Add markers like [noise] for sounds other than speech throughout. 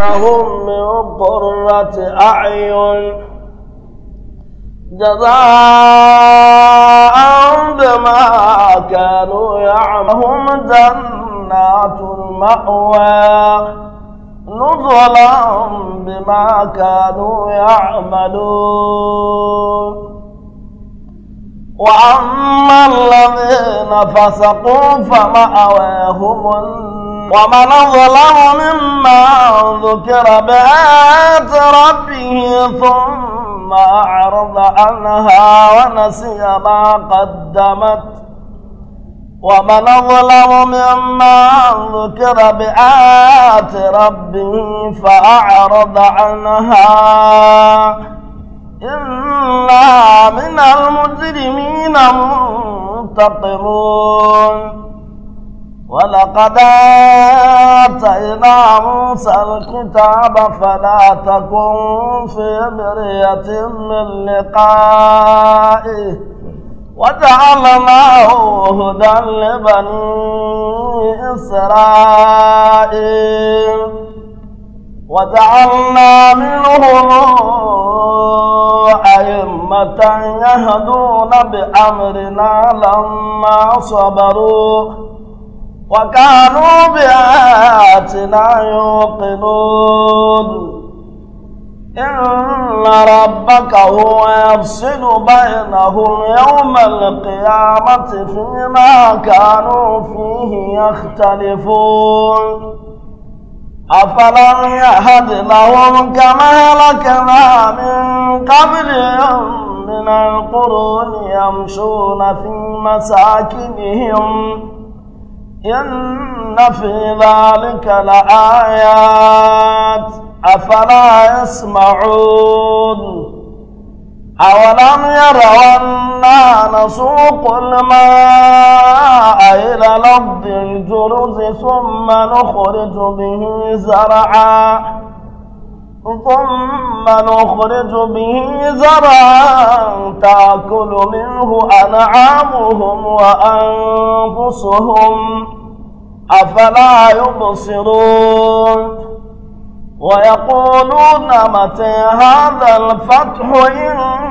لهم من قرة أعين جزاء بما كانوا يعملون جنات المأوى نزلا بما كانوا يعملون وأما الذين فسقوا فمأواهم النار ومن ظلم ممن ذكر بآيات ربه ثم أعرض عنها ونسي ما قدمت ومن ظلم ممن ذكر بآيات ربه فأعرض عنها إنا من المجرمين منتقمون ولقد آتينا موسى الكتاب فلا تكن في مرية من لقائه وجعلناه هدى لبني إسرائيل وجعلنا منهم أئمة يهدون بأمرنا لما صبروا وكانوا بآياتنا يوقنون إن ربك هو يفصل بينهم يوم القيامة فيما كانوا فيه يختلفون أفلم يهد لهم كما لكنا من قبلهم من القرون يمشون في مساكنهم إن في ذلك لآيات أفلا يسمعون أولم يروا أنا نسوق الماء إلى الأرض الجرز ثم نخرج به زرعا ثم نخرج به زرعا تأكل منه أنعامهم وأنفسهم أفلا يبصرون ويقولون متى هذا الفتح إن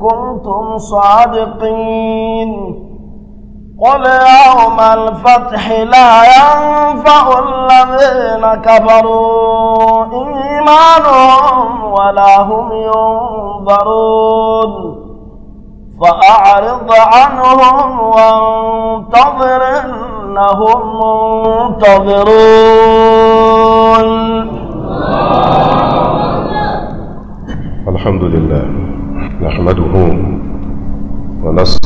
كنتم صادقين قل يوم الفتح لا ينفع الذين كفروا إيمانهم ولا هم ينظرون فأعرض عنهم وانتظر إنهم منتظرون الحمد لله نحمده ونصر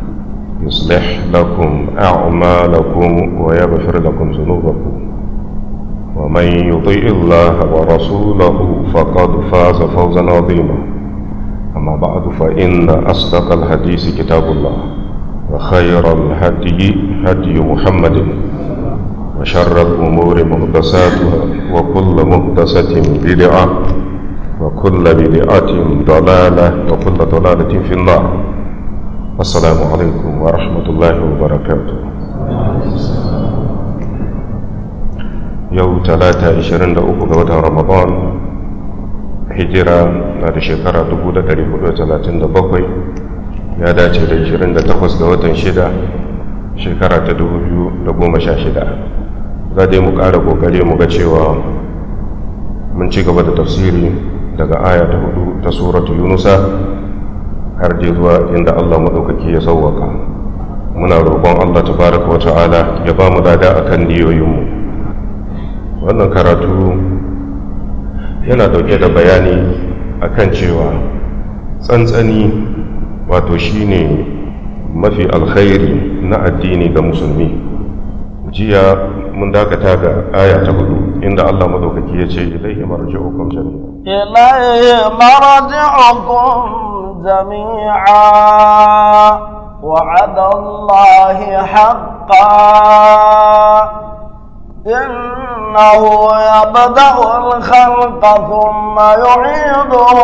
يصلح لكم أعمالكم ويغفر لكم ذنوبكم ومن يطيء الله ورسوله فقد فاز فوزا عظيما أما بعد فإن أصدق الحديث كتاب الله وخير الهدي هدي محمد وشر الأمور مقدساتها وكل مقدسة بدعة وكل بدعة ضلالة وكل ضلالة في النار alaikum wa rahmatullahi wa barakatu. yau talata 23 ga watan ramadan hijira na da shekara 1437 ya dace da 28 ga watan 6 shekara ta 2016 za dai mu ƙara ƙoƙari mu ga cewa mun ci gaba da tafsiri daga aya ta 4 ta suratu yunusa har je zuwa inda Allah maɗaukaki ya sauwaka muna roƙon Allah tabaraka wa ta'ala ya ba mu lada akan niyoyinmu wannan karatu yana ɗauke da bayani akan cewa tsantsani wato shine mafi alkhairi na addini ga musulmi jiya mun dakata ga aya ta hudu inda Allah madaukaki ya ce ilaihi marji'ukum jami'a ilaihi marji'ukum جميعا وعد الله حقا إنه يبدأ الخلق ثم يعيده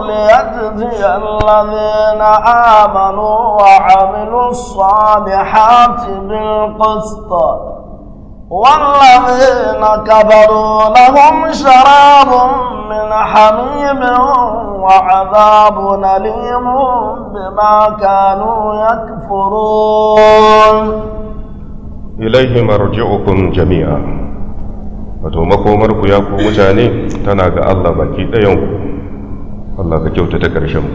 ليجزي الذين آمنوا وعملوا الصالحات بالقسط والذين كفروا لهم شراب من حميم وعذاب أليم بما كانوا يكفرون إليه مرجعكم جميعا wato makomarku ya ku mutane tana ga Allah baki ɗayanku Allah ka kyauta ta ƙarshen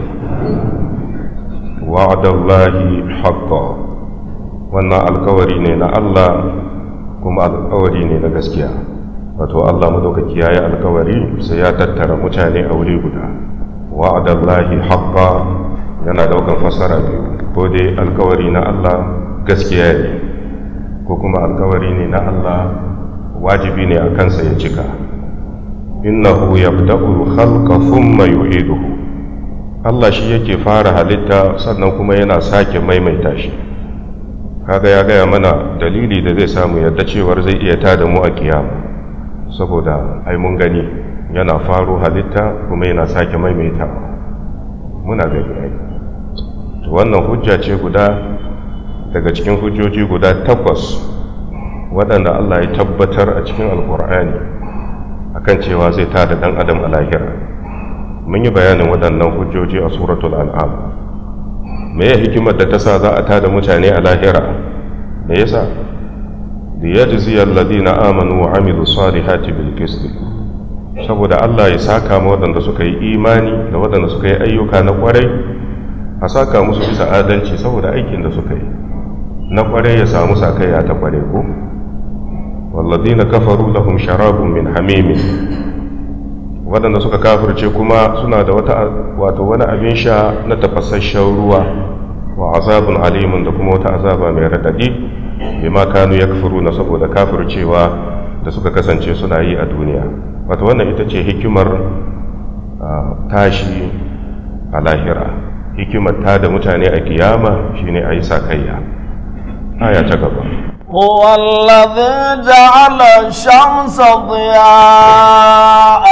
wa'adallahi haƙƙa wannan alkawari ne na Allah kuma alkawari ne na gaskiya wato Allah madaukaki yayi alkawari sai ya tattara mutane a wuri guda wa'adallahi haqqan yana daukan fasara biyu ko dai alkawari na Allah gaskiya ne ko kuma alkawari ne na Allah wajibi ne a kansa ya cika innahu yabda'u khalqa thumma yu'iduhu Allah shi yake fara halitta sannan kuma yana sake maimaita shi haka ya gaya mana dalili da zai samu yadda cewar zai iya ta da mu a kiyama saboda haimun gani yana faru halitta kuma yana sake maimaita muna gani ai wannan hujja ce guda daga cikin hujjoji guda takwas waɗanda Allah ya tabbatar a cikin alkur'ani kan cewa zai ta da ɗan adam a lahira mun yi bayanin waɗannan hujjoji a suratul al'amur. me ya hikimar da ta sa za a tada mutane a lahira me yasa liyajzi ladina amanu wa amilu salihati bil qist saboda Allah ya saka ma waɗanda suka yi imani da waɗanda suka yi ayyuka na kwarai a saka musu bisa adalci saboda aikin da suka yi na kwarai ya samu sakayya ta kwarai ko walladhina kafaru lahum sharabun min hamimin waɗanda suka kafirce kuma suna da wata wato wani abin sha na tafasasshen ruwa wa azabun alimun da kuma wata azaba mai raɗaɗi ma kanu yakfuruna saboda kafircewa da suka kasance suna yi a duniya Wata wannan ita ce hikimar tashi a lahira hikimar ta da mutane a kiyama shine a yi sakayya aya ta gaba هو الذي جعل الشمس ضياء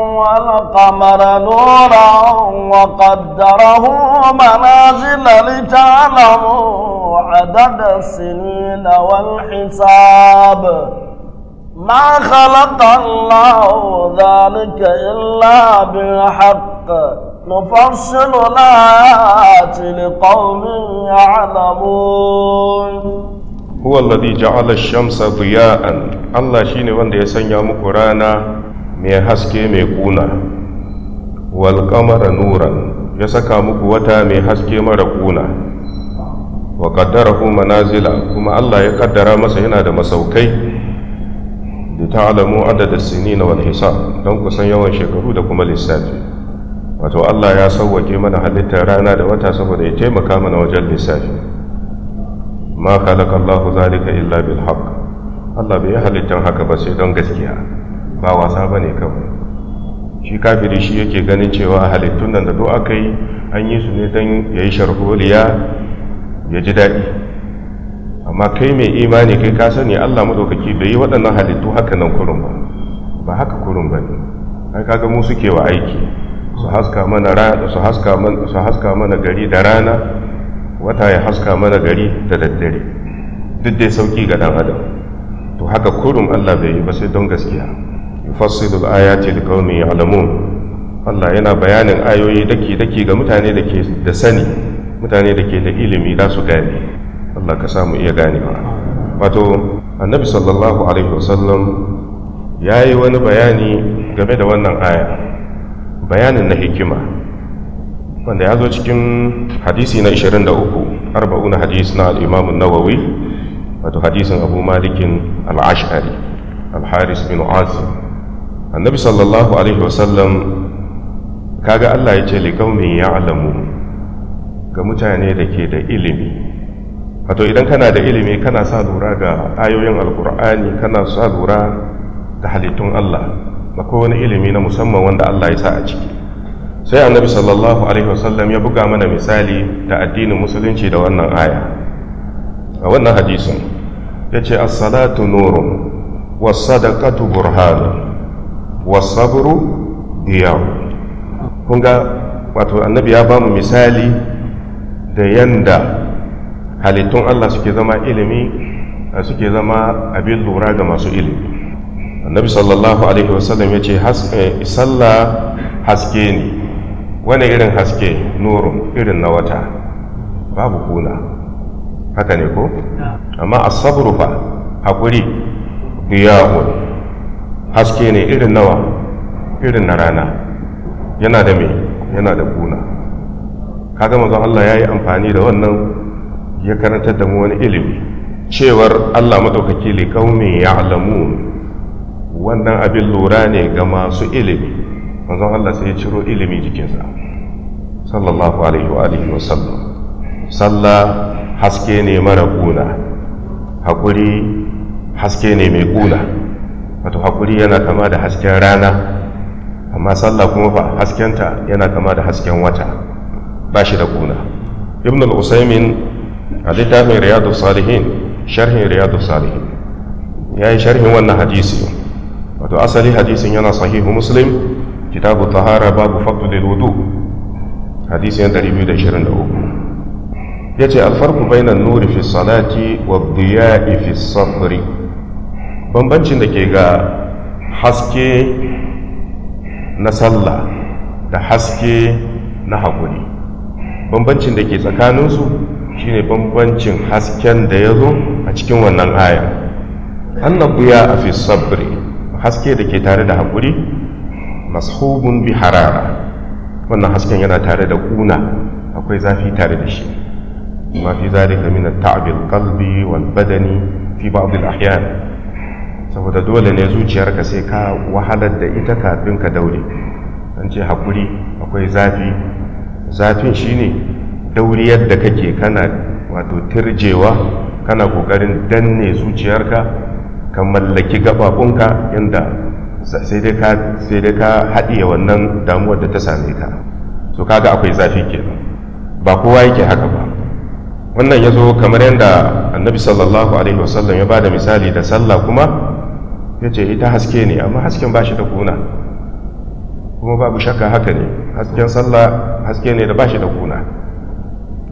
والقمر نورا وقدره منازل لتعلموا عدد السنين والحساب ما خلق الله ذلك إلا بالحق نفصل الآيات لقوم يعلمون huwa alladhi ja'ala shamsa diya'an Allah shine wanda ya sanya muku rana mai haske mai kuna wal qamara nuran ya saka muku wata mai haske mara ƙuna. wa qaddarahu kuma Allah ya ƙaddara masa yana da masaukai da ta'lamu adada sinina wal don ku san yawan shekaru da kuma lissafi wato Allah ya sauwake mana halittar rana da wata saboda ya taimaka mana wajen lissafi ma khalaqa Allahu zalika illa bil haqq Allah bai halittan haka ba sai don gaskiya ba wasa bane kawai shi kafiri shi yake ganin cewa halittun nan da do aka yi an yi su ne don ya yi sharholiya ya ji daɗi amma kai mai imani kai ka sani allah maɗaukaki bai yi waɗannan halittu haka nan kurum ba ba haka kurun ba ne ai kaga mu suke wa aiki su haska mana su haska mana gari da rana wata ya haska mana gari da daddare duk dai sauki ga dan adam to haka kurum Allah bai yi ba sai don gaskiya yufassilu al-ayati liqaumin ya'lamun Allah yana bayanin ayoyi daki daki ga mutane da ke da sani mutane da ke da ilimi za su gane Allah ka samu iya ganewa wato annabi sallallahu alaihi wasallam ya yi wani bayani game da wannan aya bayanin na hikima wanda ya zo cikin hadisi na 23 arba'una hadis na al'imamun nawawi wato hadisin abu malikin al'ashari al-haris bin azim annabi sallallahu alaihi wasallam kaga allah ya ce likaumin ya alamu ga mutane da ke da ilimi wato idan kana da ilimi kana sa lura ga ayoyin alkur'ani kana sa lura ga halittun allah akwai wani ilimi na musamman wanda allah ya sa a ciki sai annabi sallallahu alaihi wasallam ya buga mana misali da addinin musulunci da wannan aya a wannan hadisin ya ce assalatu nurun wasadaqatu burhanun wasabru diyaw kun ga wato annabi ya bamu misali da yanda halittun Allah suke zama ilimi suke zama abin lura ga masu ilimi annabi sallallahu alaihi wasallam ya ce eh, sallah haske ne wani irin haske nurun irin na wata babu kuna haka ne ko amma a fa haƙuri biyahun haske ne irin nawa irin na rana yana da mai. yana da kuna kaga manzon Allah ya yi amfani da wannan ya karantar da mu wani ilimi cewar Allah madaukaki li ya halamu wannan abin lura ne ga masu ilimi manzon Allah sai ya ciro ilimi jikinsa sallallahu alaihi wa alihi wa sallam sallah haske ne mara kuna hakuri haske ne mai kuna wato hakuri yana kama da hasken rana amma sallah kuma fa haskenta yana kama da hasken wata ba shi da kuna ibn al-usaimin a littafin riyadu salihin sharhin riyadu salihin ya yi sharhin wannan hadisi wato asali hadisin yana sahihu muslim kitabu tahara babu da wudu hadisin 223 yace alfarqu bainan nuri fi salati wa diya'i fi safri bambancin da ke ga haske na sallah da haske na hakuri, bambancin da ke tsakaninsu shine bambancin hasken da ya zo a cikin wannan aya annabuya a fi sabri haske da ke tare da haƙuri mashubun bi harara wannan hasken yana tare da kuna akwai zafi tare da shi ma fi zalika min at-ta'b qalbi wal badani fi ba'd al-ahyan saboda dole ne zuciyarka sai ka wahalar da ita kafin ka daure an ce hakuri akwai zafi zafin shine dauri da kake kana wato tirjewa kana kokarin danne zuciyarka ka mallaki gababunka yanda sai dai ka sai haɗiye wannan damuwar da ta same ka so kaga akwai zafi ke. ba kowa yake haka ba wannan ya zo kamar yadda annabi sallallahu alaihi wasallam ya bada misali da sallah kuma ya ce ita haske ne amma hasken ba shi da kuna kuma babu shakka haka ne hasken sallah haske ne da ba shi da kuna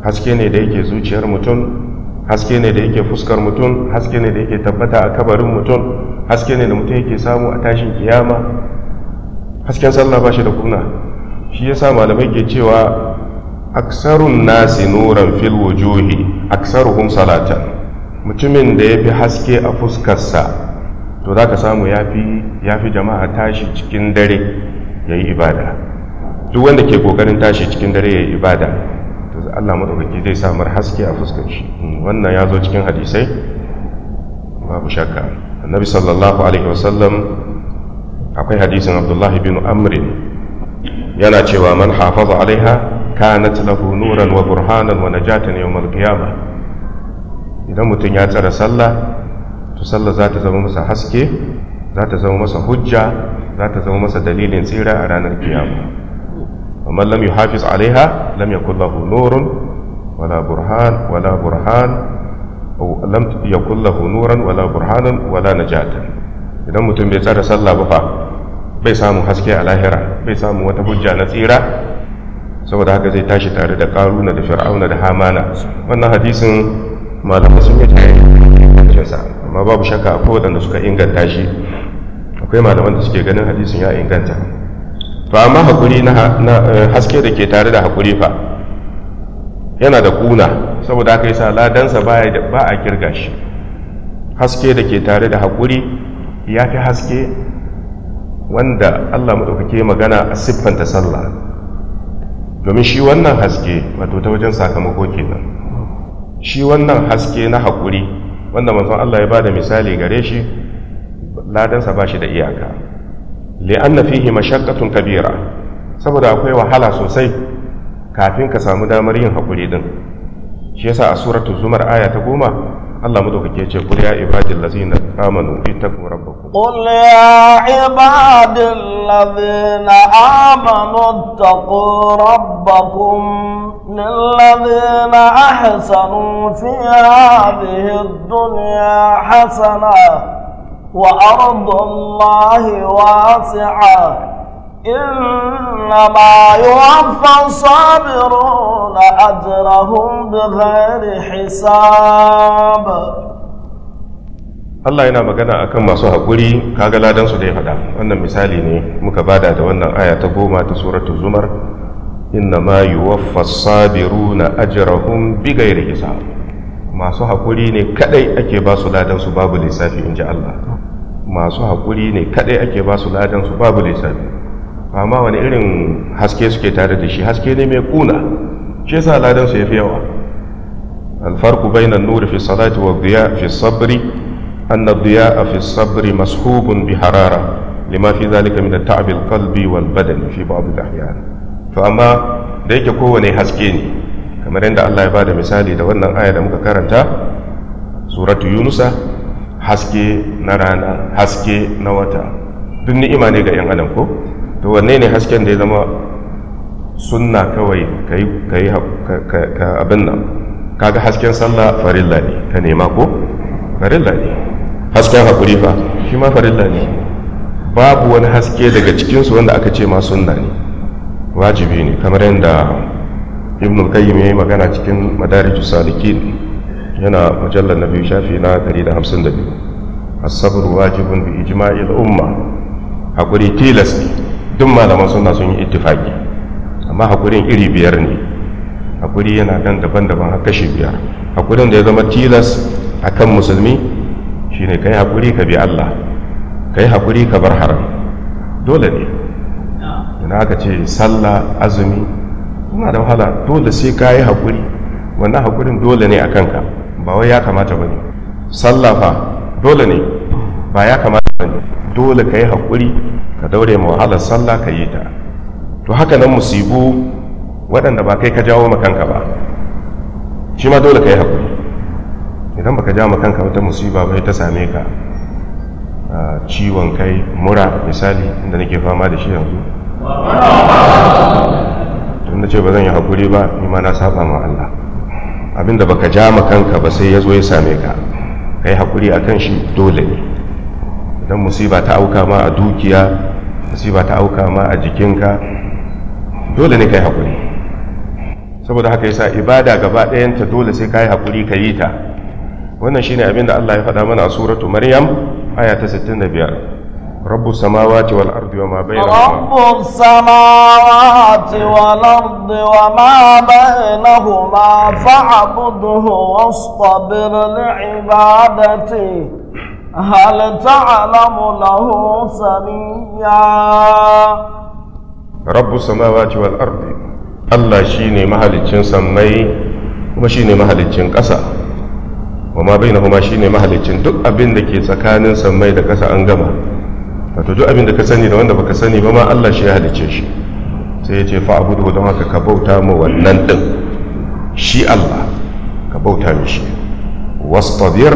haske ne da yake zuciyar mutum haske ne da yake fuskar mutum haske ne da yake tabbata a kabarin mutum haske ne da mutum yake samu a tashin kiyama hasken sallah ba shi da kuna shi ya sa malamai ke cewa aksarun nasi nuran fil wujuhi aksaruhum salatan mutumin da ya fi haske a fuskarsa to za ka samu ya fi jama'a tashi cikin dare ya yi ibada duk wanda ke kokarin tashi cikin dare ya yi ibada to Allah madaukaki zai sa mar haske a fuskar shi mm, wannan ya zo cikin hadisai babu shakka annabi sallallahu alaihi wasallam akwai hadisin abdullah bin amr yana cewa man hafaza alaiha kanat lahu nuran wa burhanan wa najatan yawmal qiyamah idan mutum ya tsara sallah to sallah za ta zama masa haske za ta zama masa hujja za ta zama masa dalilin tsira a ranar kiyama ومن لم يحافظ عليها لم يكن له نور ولا برهان ولا برهان أو لم يكن له نورا ولا برهانا ولا نجاة idan mutum bai tsara sallah ba fa bai samu haske a lahira bai samu wata hujja na tsira saboda haka zai tashi tare da karuna da fir'auna da hamana wannan hadisin malamai sun yi tare amma babu shakka akwai waɗanda suka inganta shi akwai malaman da suke ganin hadisin ya inganta to amma hakuri na eh, haske da ke tare da hakuri fa yana da kuna saboda aka yi sa ladansa ba a kirga shi haske da ke tare da hakuri ya fi haske wanda Allah maɗaukake magana a siffanta sallah domin shi wannan haske wato ta wajen sakamako kenan shi wannan haske na hakuri wanda mazan Allah ya ba da misali gare shi ladansa ba shi da iyaka li'anna fihi mashaqqatun kabira saboda akwai wahala sosai kafin ka samu damar yin hakuri din shi yasa a suratul zumar aya ta goma Allah madaukake ce kul ya ibadil ladzina amanu ittaqu rabbakum qul ya ibadil ladzina amanu ittaqu rabbakum للذين أحسنوا في هذه الدنيا حسنة وأرض الله واسعة إنما يوفى الصابرون أجرهم بغير حساب Allah yana magana a kan masu haƙuri kaga ladansu da faɗa wannan misali ne muka bada da wannan aya ta goma ta suratul zumar inna ma yuwaffa sabiruna ajrahum bighairi hisab masu haƙuri ne kadai ake ba su ladan su babu lissafi in ji Allah masu haƙuri ne kadai ake ba su ladan su babu lissafi amma wani irin haske suke tare da shi haske ne mai kuna shi yasa ladan su yafi yawa alfarku bainan nuri fi salati wa diya fi sabri biya a fi sabri mashubun bi harara lima fi zalika min ta'abil qalbi wal badani fi ba'd al ahyan to amma da yake kowane haske ne kamar yadda Allah ya bada misali da wannan aya da muka karanta suratu yunusa haske na rana haske na wata duk ni'ima ne ga 'yan adam ko to wanne ne hasken da ya zama sunna kawai ka yi abin nan kaga hasken sallah farilla ne ka nema ko farilla ne hasken haƙuri fa shi ma farilla ne babu wani haske daga cikinsu wanda aka ce ma sunna ne wajibi ne kamar yadda ibn al-qayyim yayi magana cikin madarijus salikin yana mujallar na biyu shafi na 152 as-sabr wajibun bi ijma'i al-umma hakuri tilas ne duk malaman sunna sun yi ittifaki amma hakurin iri biyar ne hakuri yana kan daban-daban har kashi biyar hakurin da ya zama tilas akan musulmi shine kai hakuri ka bi Allah kai hakuri ka bar haram dole ne ina aka ce sallah azumi yana da wahala dole sai ka yi haƙuri wannan haƙurin dole ne a kanka ba wai ya kamata ba ne sallafa dole ne ba ya kamata ba ne dole ka yi haƙuri ka daure ma wahalar sallah ka yi ta to haka nan musibu waɗanda ba kai ka jawo makanka ba shi ma dole ka yi haƙuri idan ba ka jawo makanka wata musiba ba ta same ka ciwon kai mura misali inda nake fama da shi yanzu in ce ba zan yi haƙuri ba ni ma na saba ma Allah abinda baka ja ma kanka ba sai ya zo ya same ka kai haƙuri akan shi dole ne idan musiba ta auka ma a dukiya musiba ta auka ma a jikinka dole ne kai haƙuri saboda haka yasa ibada gaba ɗayanta dole sai yi hakuri ka yi ta wannan shine abinda Allah ya faɗa mana a suratu maryam aya ta 65 رب السماوات والأرض وما بينهما رب السماوات والأرض وما بينهما فاعبده واصطبر لعبادته هل تعلم له سميا رب السماوات والأرض الله شيني مهلكين سمي وما شيني مهلكين قسا وما بينهما شيني مهلكين دك أبين دكي سكان سمي دكسا أنجمه wato duk abin da ka sani da wanda baka sani ba ma Allah shi ya halice shi sai ya ce fa'budu don haka ka bauta ma wannan din shi Allah ka bauta mishi wastabir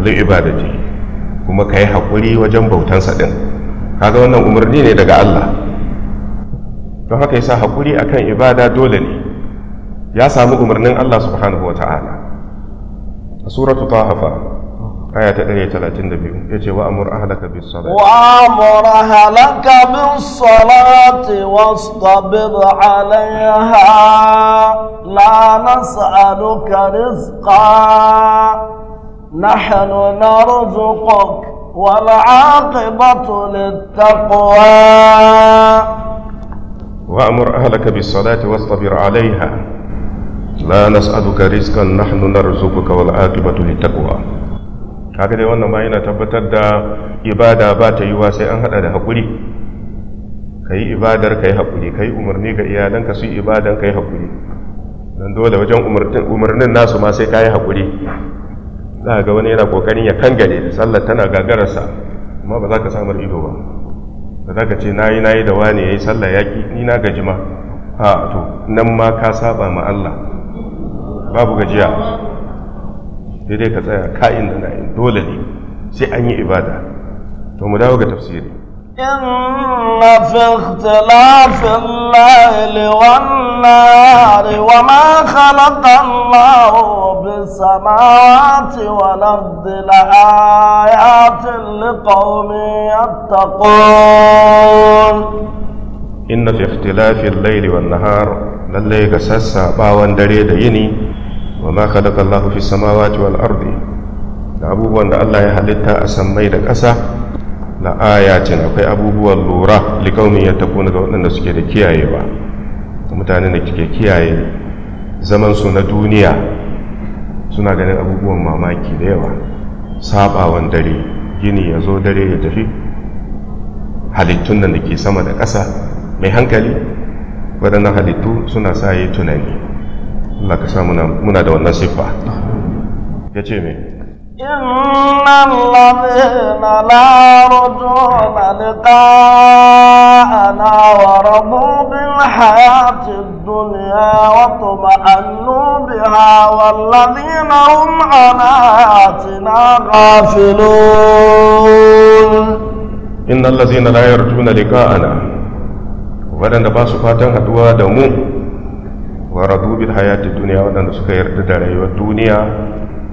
li ibadati kuma ka yi haƙuri wajen bautansa din kaga wannan umarni ne daga Allah don haka yasa haƙuri akan ibada dole ne ya samu umarnin Allah subhanahu a suratu hafa. aya ta 132 yace wa amur ahlaka bis salati wa amur ahlaka bis salati wastabir alaiha la nas'aluka rizqa نحن نرزقك والعاقبة للتقوى وأمر أهلك بالصلاة واصطبر عليها لا نسألك رزقا نحن نرزقك والعاقبة للتقوى haka dai wannan ma yana tabbatar da ibada ba ta yiwa sai an hada da haƙuri ka yi ibadar ka yi haƙuri ka yi umarni ga iyalanka su yi ibadan ka yi haƙuri don dole wajen umarnin nasu ma sai ka yi haƙuri za ga wani yana ƙoƙarin ya kangare sallar tana gagararsa amma ba za ka samar ido ba ba za ka ce na yi na yi da wani ya yi sallah yaƙi ni na gaji ma ha to nan ma ka saba ma Allah babu gajiya Daidai ka tsaya ka'inda na yin dole ne sai an yi ibada. To mu dawo ga tafsiri In na fiftila fin laifi wannan, ari wa man kallon marofin, saman ciwon ɗanɗana, ya cini ƙaumiyar ta ƙorafin. In na fiftila fin wannan, har lallai ga sassaɓawan dare da yini. wa ma khalaqa Allahu fi samawati wal ardi da abubuwan da Allah ya halitta a sammai da ƙasa la ayatin akwai abubuwan lura ya yattaquna ga waɗanda suke da kiyayewa mutanen da kike kiyaye zaman su na duniya suna ganin abubuwan mamaki da yawa sabawan dare gini ya zo dare ya tafi halittun da ke sama da ƙasa mai hankali waɗannan halittu suna sa yi tunani Allah ka sa muna da wannan siffa ya ce me إن الذين لا يرجون لقاءنا ورضوا بالحياة الدنيا واطمأنوا بها والذين هم على آتنا غافلون إن الذين لا يرجون لقاءنا waɗanda ba su fatan haɗuwa da mu wa radu bil hayati duniya waɗanda suka yarda da rayuwar duniya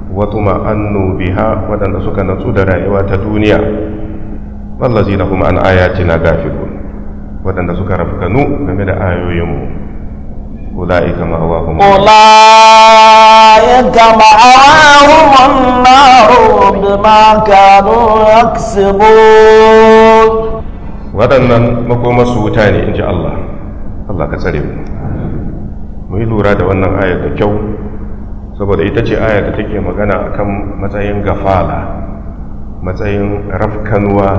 wa annu biha waɗanda suka natsu da rayuwa ta duniya wallazina kuma an ayatina gafilun waɗanda suka rafkanu game da ayoyinmu أولئك مأواهم أولئك مأواهم النار بما كانوا يكسبون waɗannan su wuta ne in ji Allah Allah ka tsare mu mu yi lura da wannan ayar da kyau saboda ita ce ayar da take magana a kan matsayin gafala matsayin rafkanuwa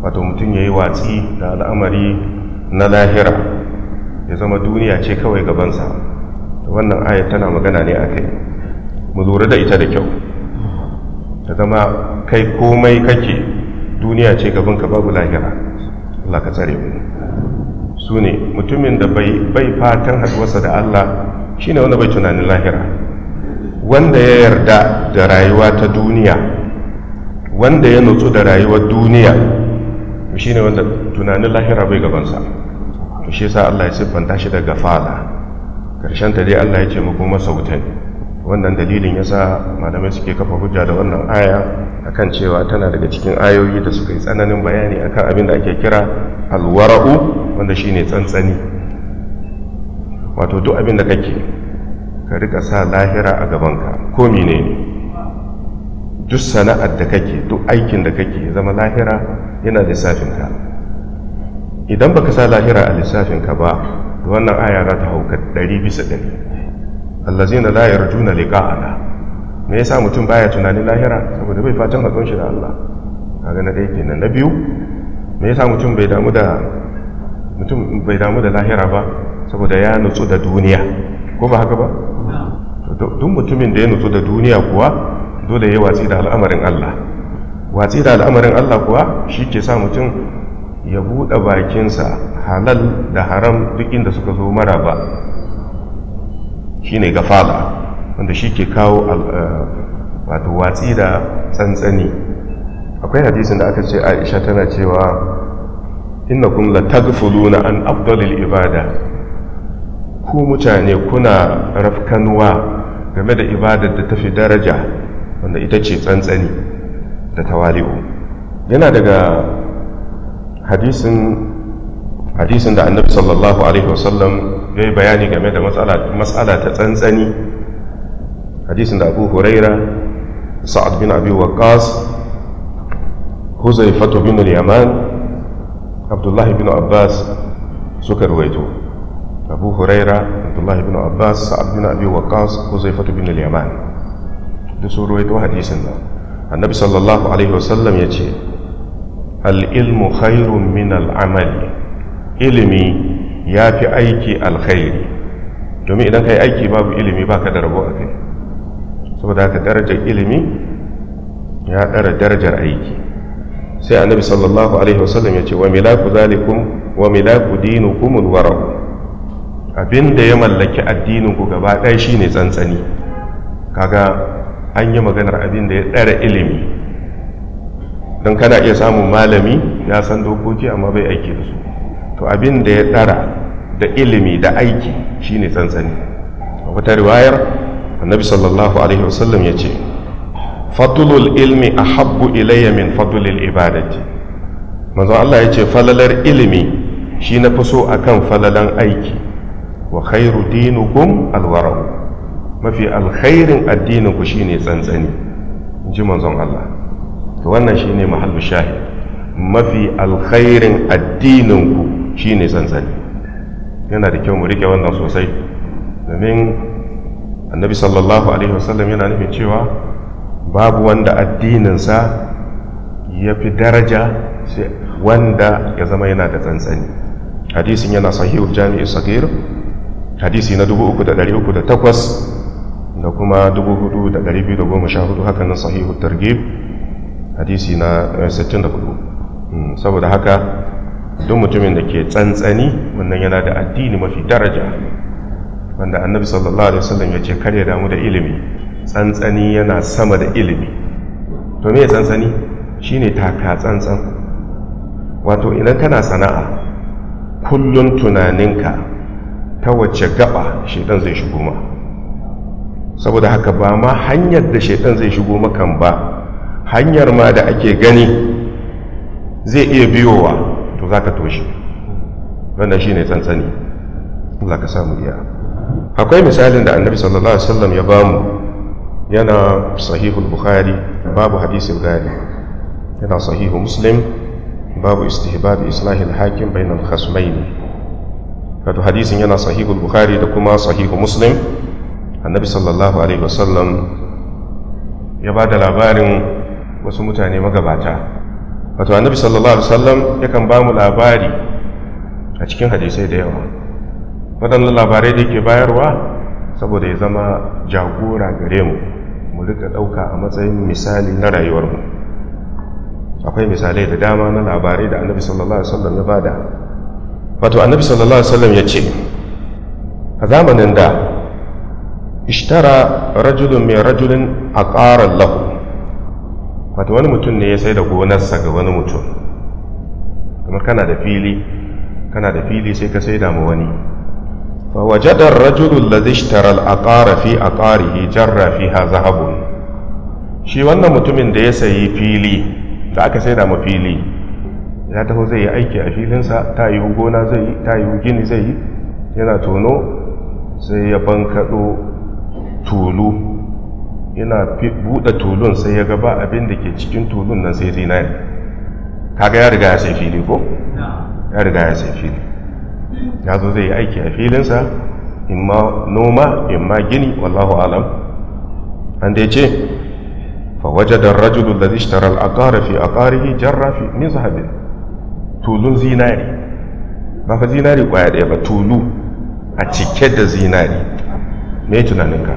wato mutum ya yi watsi da al'amari na lahira ya zama duniya ce kawai gabansa wannan ayar tana magana ne a kai mu lura da ita da kyau ta zama kai komai kake duniya ce gabanka babu lahira Allah ka tsare mu su ne mutumin da bai fatan haduwarsa da Allah shine wanda bai tunanin lahira wanda ya yarda da rayuwa ta duniya wanda ya nutsu da rayuwar duniya shine wanda tunanin lahira bai gabansa to shi sa Allah ya siffanta shi daga fada karshen ta dai Allah ya ce muku masa wuta wannan dalilin ya sa malamai suke kafa hujja da wannan aya akan cewa tana daga cikin ayoyi da suka yi tsananin bayani akan abin da ake kira alwara'u wanda ne tsantsani wato duk abin da kake ka rika sa lahira a gabanka ko mine ne duk sana'ar da kake duk aikin da kake zama lahira yana lissafinka idan baka sa lahira a lissafinka ba da wannan aya za ta hauka ɗari bisa ɗari juna la yarjuna liqa'ana me sa mutum baya tunanin lahira saboda bai fatan haɗon shi da Allah Ka na da yake na biyu me sa mutum bai damu da mutum bai damu da lahira ba saboda ya nutsu da duniya ko ba haka ba duk mutumin da ya nutsu da duniya kuwa dole ya watsi da al'amarin Allah watsi da al'amarin Allah kuwa shi ke sa mutum ya buɗe bakinsa halal da haram duk inda suka zo mara ba shi ne gafala wanda shi ke kawo eh, wato watsi da tsantsani akwai hadisin da aka ce aisha tana cewa innakum latagfuluna an afdalil ibada ku mutane kuna rafkanuwa game da ibadar da tafi daraja wanda ita ce tsantsani da tawali'u yana daga hadisin hadisin da annabi sallallahu alaihi wasallam ya yi bayani game da matsala ta tsantsani hadisin da abu huraira sa'ad bin abi waqas huzaifatu bin al-yaman abdullahi bin abbas suka ruwaito abu huraira abdullahi bin abbas sa'ad bin abi waqas huzaifatu bin al-yaman da sun ruwaito hadisin nan annabi sallallahu alaihi wasallam ya ce al'ilmu khairun min amali ilimi ya fi aiki alkhairi domin idan kai aiki babu ilimi ba ka da rabo a kai saboda haka darajar ilimi ya dara darajar aiki sai annabi sallallahu alaihi wasallam ya ce wa milaku zalikum wa milaku dinukum alwara'u abin da ya mallaki addinin ku gaba ɗaya shine tsantsani kaga an yi maganar abin da ya tsara ilimi don kana iya samun malami ya san dokoki amma bai aiki da su to abin da ya tsara da ilimi da aiki shine tsantsani a wata riwayar annabi sallallahu alaihi wasallam ya ce fadlul ilmi ahabbu ilayya min fadlil ibadati manzo Allah ya ce falalar ilimi shi na fi so akan falalan aiki wa khairu dinukum alwarau mafi alkhairin addinin ku shine tsantsani ji manzon Allah to wannan shi shine mahallu shahid mafi alkhairin addinin ku shine tsantsani yana da kyau mu rike wannan sosai domin annabi sallallahu alaihi wasallam yana nufin cewa babu wanda addininsa ya fi daraja wanda ya zama yana da tsantsani hadisin yana sahihul jami'i sagir hadisi na 3,308 da kuma 4,214 haka na sahihul targib hadisi na 64 eh, hmm, saboda haka duk mutumin da ke tsantsani wannan yana da addini mafi daraja wanda annabi sallallahu alaihi wasallam ya ce kare damu da ilimi tsantsani yana sama da ilimi to me tsantsani shi shine taka tsantsan wato idan kana sana'a kullum tunaninka ta wacce gaba shaidan zai shigo ma saboda haka ba ma hanyar da shaidan zai shigo makan ba hanyar ma da ake gani zai iya biyowa to za ka toshe wannan shi ne tsantsani za ka samu iya akwai misalin da annabi sallallahu alaihi sallam ya bamu yana sahihul bukhari babu hadisin gari yana sahihu muslim babu istihbab islahil hakim bainal khasmain wato hadisin yana sahihul bukhari da kuma sahihu muslim annabi sallallahu alaihi wasallam ya ba da labarin wasu mutane magabata wato annabi sallallahu alaihi wasallam yakan ba mu labari a cikin hadisai da yawa waɗannan labarai da yake bayarwa saboda ya zama jagora gare mu mu rika ɗauka a matsayin misali na rayuwarmu akwai misalai da dama na labarai da annabi sallallahu alaihi wasallam ya bada wato annabi sallallahu alaihi wasallam ya ce a zamanin da ishtara rajulun mai rajulin a lahu wato wani mutum ne ya sai da gonarsa ga wani mutum kamar kana da fili kana da fili sai ka sai da ma wani فوجد الرجل الذي اشترى الأقار في أقاره جرى فيها ذهب shi wannan mutumin da ya sayi fili da aka sai da fili ya taho zai yi aiki a filinsa ta yi gona zai ta yi gini zai yi yana tono sai ya bankaɗo tulu yana buɗe tulun sai ya gaba abin da ke cikin tulun nan sai zinari kaga ya riga ya sai fili ko? ya riga ya sai fili ya zo zai yi aiki a filinsa In ma noma in ma gini wallahu alam an dai ce fa waje da rajulun da zai al-aqara fi aqarihi jarra fi min zahabin tulun zinari ba fa zinari kwaya ɗaya ba tulu a cike da zinari me tunaninka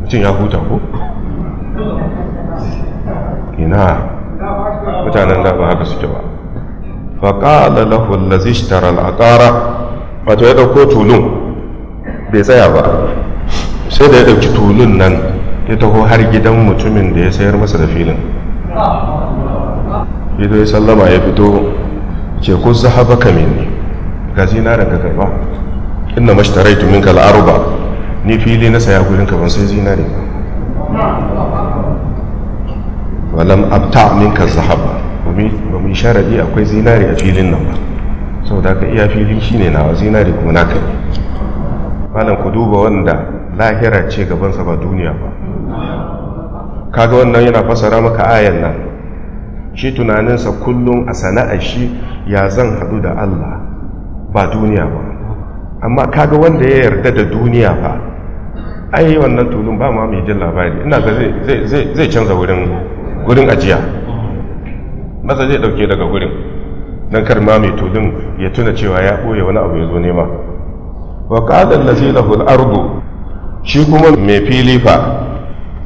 mutum ya huta ko ina mutanen da ba haka suke ba faƙala lahul lazi shitara al'aƙara wato ya ɗauko tulun bai tsaya ba sai da ya ɗauki tulun nan ya taho har gidan mutumin da ya sayar masa da filin ido ya sallama ya fito ce ku zahaba ka mini ga zinarin ga karba inna mashtarai tumin kal'aru ba ni fili na saya gudun ka ban sai zinari ba walam abta minka zahaba ba mu sharaɗi akwai zinari a filin nan ba saboda ka iya filin shine nawa zinari kuma na kai. malam ku duba wanda lahira ce gabansa ba duniya ba kaga wannan yana fasara maka ayan nan shi tunaninsa kullum a sana'ar shi ya zan haɗu da Allah ba duniya ba amma kaga wanda ya yarda da duniya ba ai wannan tulun ba ma mai jin labari ina ga zai canza wurin ajiya maza zai dauke daga gurin don karma mai tudun ya tuna cewa ya ɓoye wani abu ya zo nema wa qala allazi lahu al shi kuma mai fili fa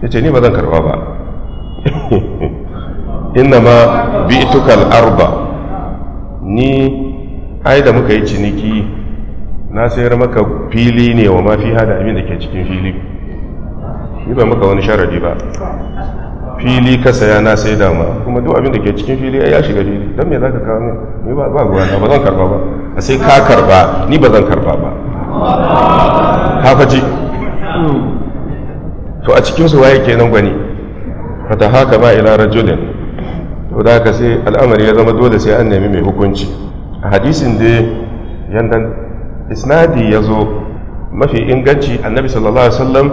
Ya ce ni ba zan karba ba [laughs] innama bi al Arba. ni ai da muka yi ciniki na sayar maka fili ne wa mafi hada abin da ke cikin fili ni ba maka wani sharadi ba fili ka saya na sai dama kuma duk abin da ke cikin fili ya shiga fili don me za ka kawo min ni ba ba gwanin ba zan karba ba a sai ka karba ni ba zan karba ba ka faji to a cikin su waye kenan gwani fata haka ba ila rajulin to da ka sai al'amari ya zama dole sai an nemi mai hukunci a hadisin da yanda isnadi ya zo mafi inganci annabi sallallahu alaihi wasallam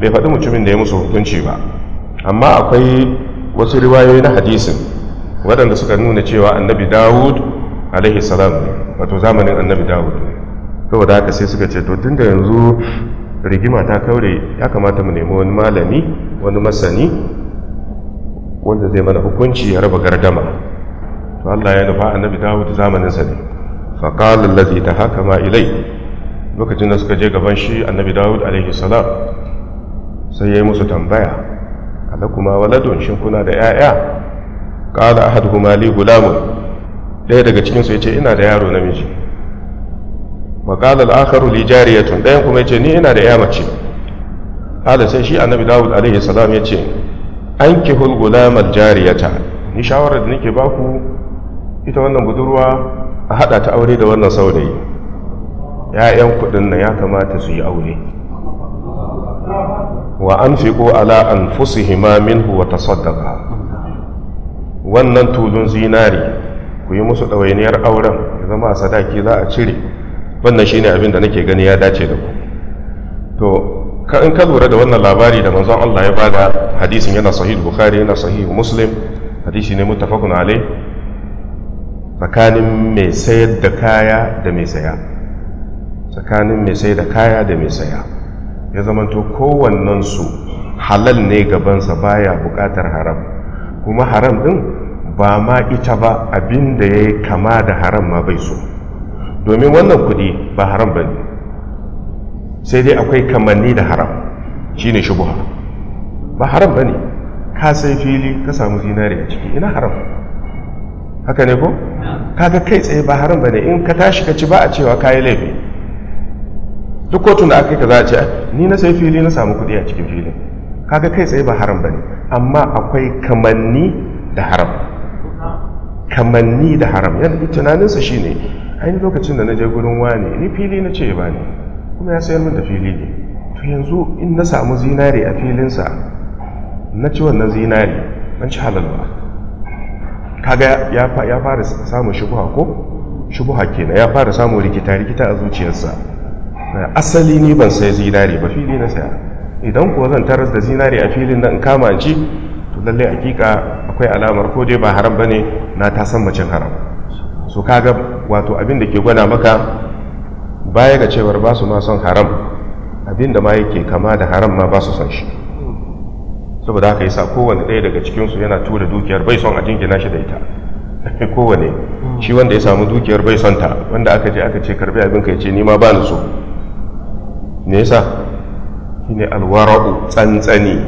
bai faɗi mutumin da ya musu hukunci ba amma akwai wasu riwayoyi na hadisin waɗanda suka nuna cewa annabi dawud alaihi salam wato zamanin annabi dawud ne da haka sai suka ce to tun da yanzu rigima ta kaure ya kamata mu nemi wani malami wani masani wanda zai mana hukunci ya raba gardama to Allah ya nufa annabi Dawud zamanin sa ne fa qala haka ma ilai lokacin da suka je gaban shi annabi Dawud alaihi salam sai yayi musu tambaya alakuma waladun shin kuna da yaya qala ahaduhuma li gulamun ɗaya daga cikin su yace ina da yaro namiji wa qala al-akharu li jariyatun ɗayan kuma yace ni ina da ya mace qala sai shi annabi dawud alaihi salam yace ankihul gulama jariyata ni shawarar da nake baku ita wannan budurwa a hada ta aure da wannan saurayi ya'yan kudin nan ya kamata su yi aure wa an anfiqu ala anfusihima himamin wa sadaka wannan tulun zinari ku yi musu ɗawainiyar auren ya zama sadaki za a cire wannan shine abin da nake gani ya dace da ku to in ka lura da wannan labari da manzon Allah ya bada hadisin yana sahih bukhari yana sahih muslim hadisi ne muttafaqun alai tsakanin mai sayar da kaya da mai saya tsakanin mai sayar da kaya da mai saya ya zamanto kowannensu halal ne gabansa baya buƙatar haram kuma haram ɗin ba ma ita ba abin da ya kama da haram ma bai so domin wannan kuɗi ba haram ba ne sai dai akwai kamanni da haram shine shubuha ba haram ba ne ka sai fili ka samu zinari a ciki ina haram haka ne ko kaga kai tsaye ba haram ba ne in ka tashi ka ci ba a cewa yi laifi duk kotun da aka yi ka za a ce ni na sai fili na samu kuɗi a cikin filin kaga kai tsaye ba haram ba ne amma akwai kamanni da haram kamanni da haram yadda tunaninsa shi ne yi lokacin da na je gurin wani, ni fili na ce ba ne kuma ya sayar min da fili ne to yanzu in na samu zinare a filinsa na ci wannan zinare ban ci halal ba kaga ya fara samun shubuha ko shubuha kenan ya fara samun rikita rikita a zuciyarsa asali ni ban sai zinari ba fili na saya idan ko zan taras da zinari a filin nan in kama in ci to lalle hakika akwai alamar ko dai ba haram bane na ta san macin haram so kaga wato abin da ke gwada maka baya ga cewar ba su ma son haram abin da ma yake kama da haram ma ba su son shi saboda haka yasa kowane ɗaya daga cikinsu yana tura dukiyar bai son a jingina shi da ita [laughs] kowane shi wanda ya samu dukiyar bai son ta wanda aka je aka ce karbi abin ka ya ce nima ba ni so me yasa ne alwara'u tsantsani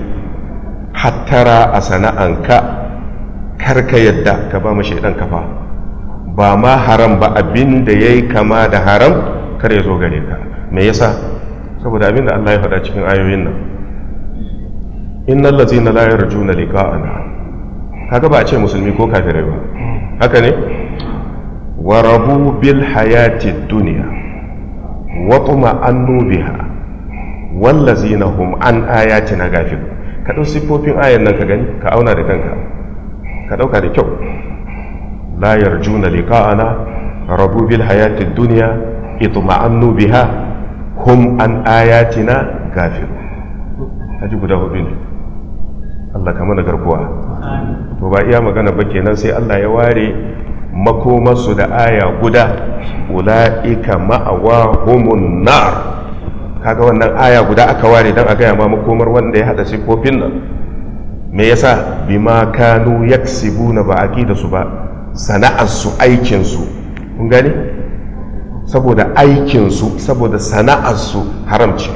hattara a sana'anka karka yadda ka ba mu shaidan kafa ba ma haram ba abin da yayi kama da haram kar ya zo gare ka me yasa saboda abin da Allah ya faɗa cikin ayoyin nan innal ladzina la yarjuna liqa'ana kaga ba a ce musulmi ko kafirai ba haka ne warabu bil hayati duniya wa tuma'annu biha na hum an ayatina gafil ka dau siffofin ayan nan ka gani ka auna da kanka ka ɗauka da kyau la yarjuna liqa'ana rabu bil hayatid dunya itma'annu biha hum an ayatina gafil haji guda hudu ne Allah ka mana garkuwa to ba iya magana ba kenan sai Allah ya ware makomarsu da aya guda ula'ika ma'awa homun nar kaga wannan aya guda aka ware don a gaya ma makomar wanda ya hada siffofin nan me yasa bima kanu yaksibuna ba aqida su ba sana'ar su aikin kun gani. saboda aikinsu saboda sana'arsu su haramci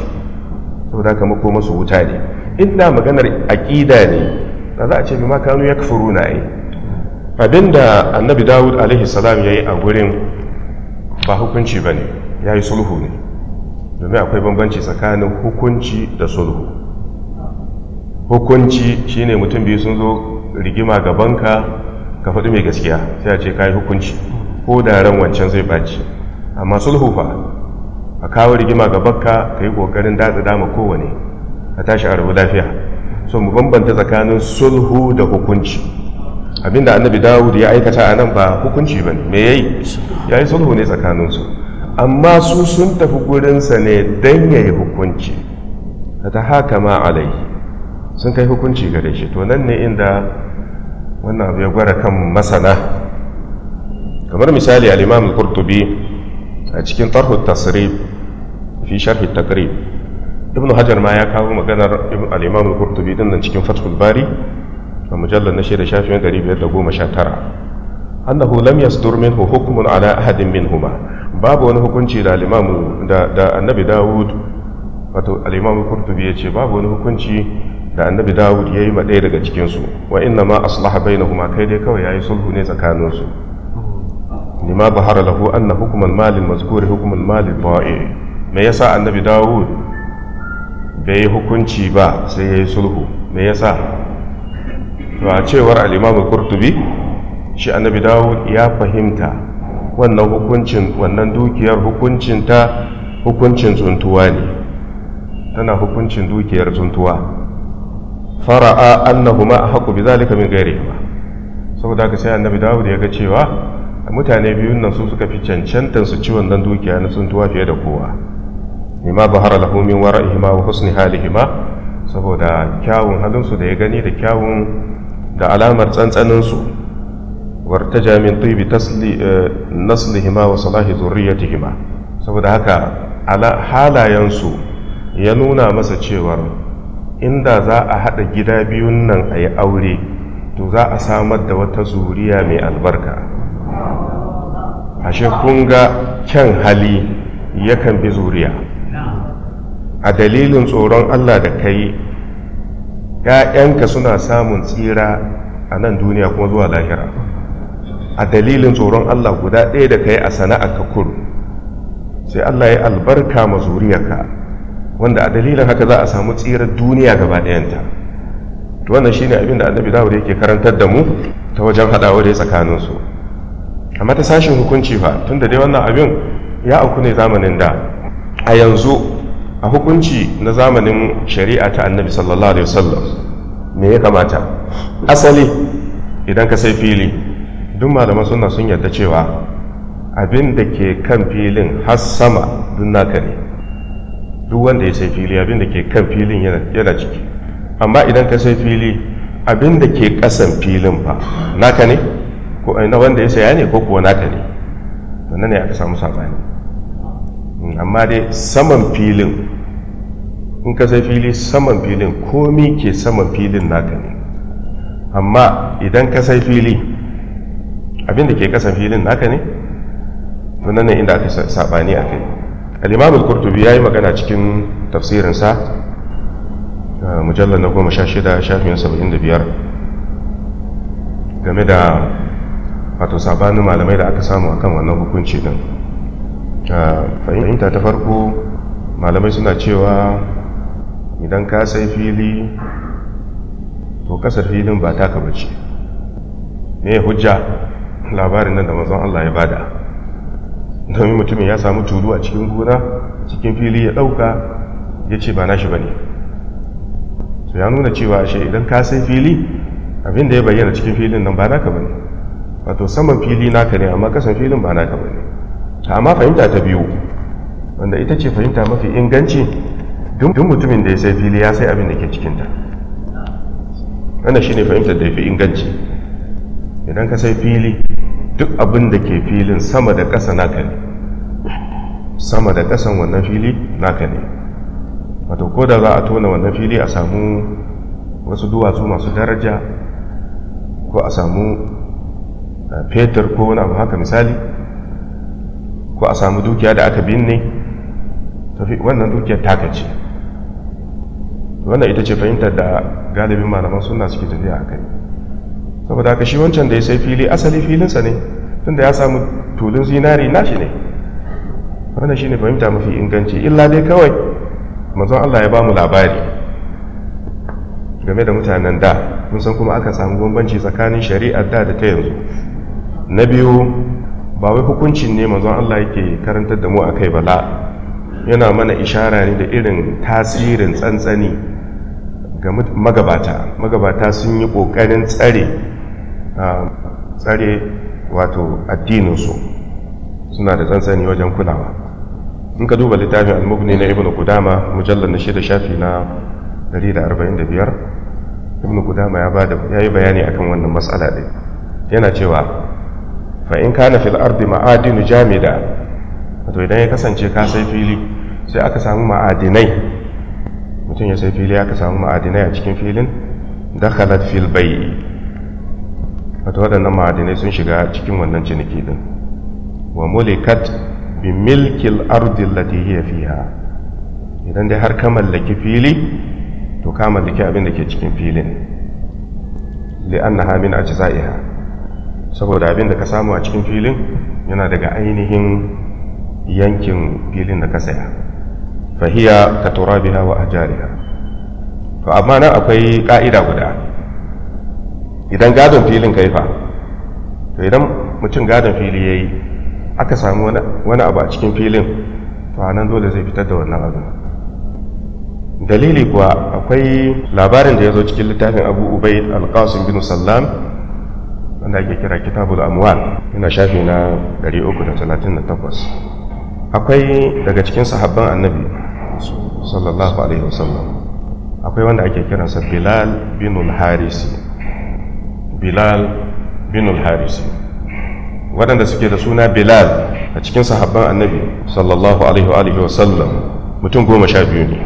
saboda haka makomar su wuta ne inda maganar aqida ne da za a ce bima kanu yi. Abin da annabi dawud alaihi salam yi a gurin ba hukunci ba ne ya yi sulhu ne domin akwai bambanci tsakanin hukunci da sulhu hukunci shine mutum biyu sun zo rigima gabanka ka faɗi mai gaskiya sai a ce ka yi hukunci ko da ran wancan zai ɓaci amma sulhu fa a kawo rigima gabanka ka yi ƙoƙarin datsa dama kowane a tashi a rabu lafiya so mu bambanta tsakanin sulhu da hukunci abinda annabi dawud ya aikata a nan ba hukunci ba ne me ya ya yi sulhu ne tsakaninsu amma su sun tafi gurinsa ne don ya yi hukunci ta haka ma alai sun kai hukunci gare shi to nan ne inda wannan abu ya gwara kan masana kamar misali al-imam al a cikin tarhu tasrib fi sharhi taqrib ibn hajar ma ya kawo maganar al-imam al cikin fathul bari a mujallar na shida shafin 519 annahu lam yasdur minhu hukmun ala ahadin minhuma babu wani hukunci da alimamu da annabi dawud wato alimamu kurtubi ya ce babu wani hukunci da annabi dawud ya yi ma daga cikinsu wa inna ma aslaha kuma kai dai kawai ya yi sulhu ne tsakaninsu lima har lahu na hukuman malin mazkuri hukuman malin ba'i me yasa annabi dawud bai yi hukunci ba sai ya yi sulhu me yasa Ba a cewar alimamu kurtubi shi annabi dawud ya fahimta wannan hukuncin wannan dukiyar hukuncin ta hukuncin tsuntuwa ne tana hukuncin dukiyar tsuntuwa fara'a annahuma bi zalika min ba saboda haka sai annabi Dawud ya ga cewa mutane biyun nan su suka fi cancantan su ci wannan dukiya na tsuntuwa fiye da kowa ba bahara lahu min wara'ihima wa husni halihima saboda kyawun halinsu da ya gani da kyawun da alamar tsantsaninsu وارتجى من طيب تسلي wa وصلاح ذريتهما saboda haka halayensu ya nuna masa cewar inda za a haɗa gida biyun nan a yi aure to za a samar da wata zuriya mai albarka ashe kun ga kyan hali yakan bi zuriya a dalilin tsoron allah da kai ‘ya'yanka suna samun tsira a nan duniya kuma zuwa lahira a dalilin tsoron Allah guda ɗaya da kai a sana'a ka kuru sai Allah ya albarka ma zuriyarka wanda a dalilin haka za a samu tsirar duniya gaba ɗayanta to wannan shine abin da annabi Dawud yake karantar da mu ta wajen haɗawa da tsakanin su amma ta sashin hukunci fa tunda dai wannan abin ya auku ne zamanin da a yanzu a hukunci na zamanin shari'a ta annabi sallallahu alaihi wasallam me ya kamata asali idan ka sai fili duk malaman suna sun yarda cewa abin da ke kan filin har sama duk naka ne duk wanda ya sai fili abin da ke kan filin yana ciki amma idan ka sai fili abin da ke kasan filin ba naka ne ko aina wanda ya saya ne ko kuwa naka ne wannan ne aka samu sabani mm, amma dai saman filin in ka sai fili saman filin komi ke saman filin naka ne amma idan ka sai fili abin da ke kasan filin naka ne wannan ne inda aka sabani a kai al-imam al-qurtubi yayi magana cikin tafsirin sa mujallal na 16 shafin 75 game da wato sabanin malamai da aka samu akan wannan hukunci din fahimta ta farko malamai suna cewa idan ka sai fili to kasar filin ba ta bace me hujja labarin nan da mazan Allah ya bada domin mutumin ya samu tulu a cikin gona cikin fili ya ɗauka ya ce ba nashi ba ne su ya nuna cewa ashe idan ka sai fili abin da ya bayyana cikin filin nan ba naka ba ne wato saman fili naka ne amma kasan filin ba naka ba ne amma fahimta ta biyu wanda ita ce fahimta mafi inganci duk mutumin da ya sai fili ya sai abin da ke cikinta wannan shine fahimtar da ya fi inganci idan ka sai fili duk abin da ke filin sama da ƙasa naka ne sama da ƙasan wannan fili naka ne wato ko da za a tona wannan fili a samu wasu duwatsu masu daraja ko a samu eh, fetur ko wani abu haka misali ko a samu dukiya da aka binne wannan dukiyar taka ce wannan ita ce fahimtar da galibin malaman suna suke tafiya a kai saboda haka shi wancan da ya sai fili asali filinsa ne tunda ya samu tulun zinari nashi ne wannan ne fahimta mafi inganci illa dai kawai mazan Allah ya ba mu labari game da mutanen da mun san kuma aka samu bambanci tsakanin shari'ar da da ta yanzu na biyu ba wai hukuncin ne mazan Allah yake karantar da mu a kai bala yana mana ishara ne da irin tasirin tsantsani ga magabata magabata sun yi ƙoƙarin tsare tsare wato addininsu suna da tsantsani wajen kulawa in ka duba littafin al-mughni na ibnu qudama mujallal na shida shafi na 145 ibnu qudama ya bada yayi bayani akan wannan mas'ala din yana cewa fa in kana fil ardi ma'adinu jamida wato idan ya kasance ka sai fili sai aka samu ma'adinai mutum ya sai fili aka samu ma'adinai a cikin filin dakhalat fil bai'i wata waɗannan ma'adinai sun shiga cikin wannan ciniki din wa mulikat bi milkil ardi lati hiya fiha idan dai har ka mallaki fili to ka mallaki abin da ke cikin filin annaha min ajza'iha saboda abin da ka samu a cikin filin yana daga ainihin yankin filin da ka saya fahiya ka turabiha wa ajariha to amma nan akwai ka'ida guda idan gadon filin kai fa to idan mutum gadon fili ya yi aka sami wani abu a cikin filin to a nan dole zai fitar da wannan abu dalili kuwa akwai labarin da ya zo cikin littafin abu ubai alƙasun bin sallam wanda ake kira kitabul amwal yana shafi na 338 akwai daga cikin sahabban annabi sallallahu alaihi wasallam akwai wanda ake kiransa bilal bin harisi bilal bin al-harisi waɗanda suke da suna bilal a cikin sahabban annabi sallallahu alaihi wa sallam mutum goma sha biyu ne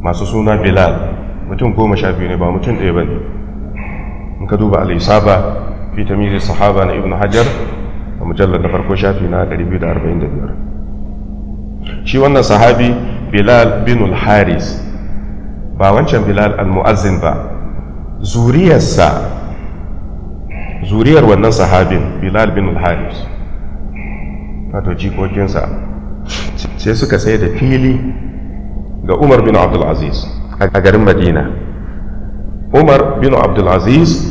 masu suna bilal mutum goma sha biyu ne ba mutum ɗaya ba ne in ka duba al-isaba fi tamiri sahaba na ibn hajar a mujallar na farko shafi na 245 shi wannan sahabi bilal bin al-haris ba wancan bilal al-mu'azzin ba zuriyarsa zuriyar wannan sahabin bilal bin al-haris wato jikokinsa sai suka sai da fili ga umar bin abdulaziz a garin madina umar bin abdulaziz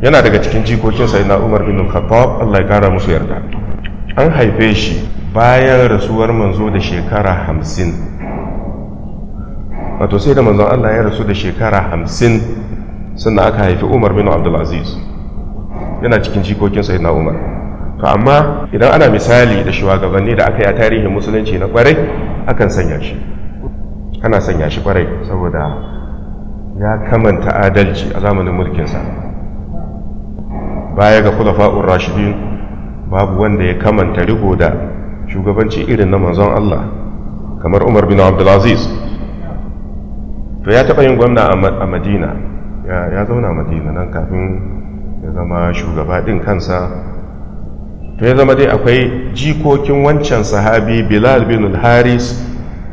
yana daga cikin jikokinsa yana umar bin al khattab allah ya kara musu yarda an haife shi bayan rasuwar manzo da shekara hamsin wato sai da manzon Allah ya rasu da shekara hamsin sannan aka haifi umar bin abdulaziz yana cikin jikokin na umar to amma idan ana misali da shugabanni da aka yi a tarihin musulunci na kwarai akan sanya shi ana sanya shi kwarai saboda ya kamanta adalci a zamanin mulkinsa baya ga kula kulafa'ur rashidin babu wanda ya kamanta riko da shugabanci irin na manzon Allah kamar Umar bin Abdulaziz to ya taɓa yin gwamna a madina ya zauna madina nan kafin ya zama shugaba ɗin kansa to ya zama dai akwai jikokin wancan sahabi bilal bin haris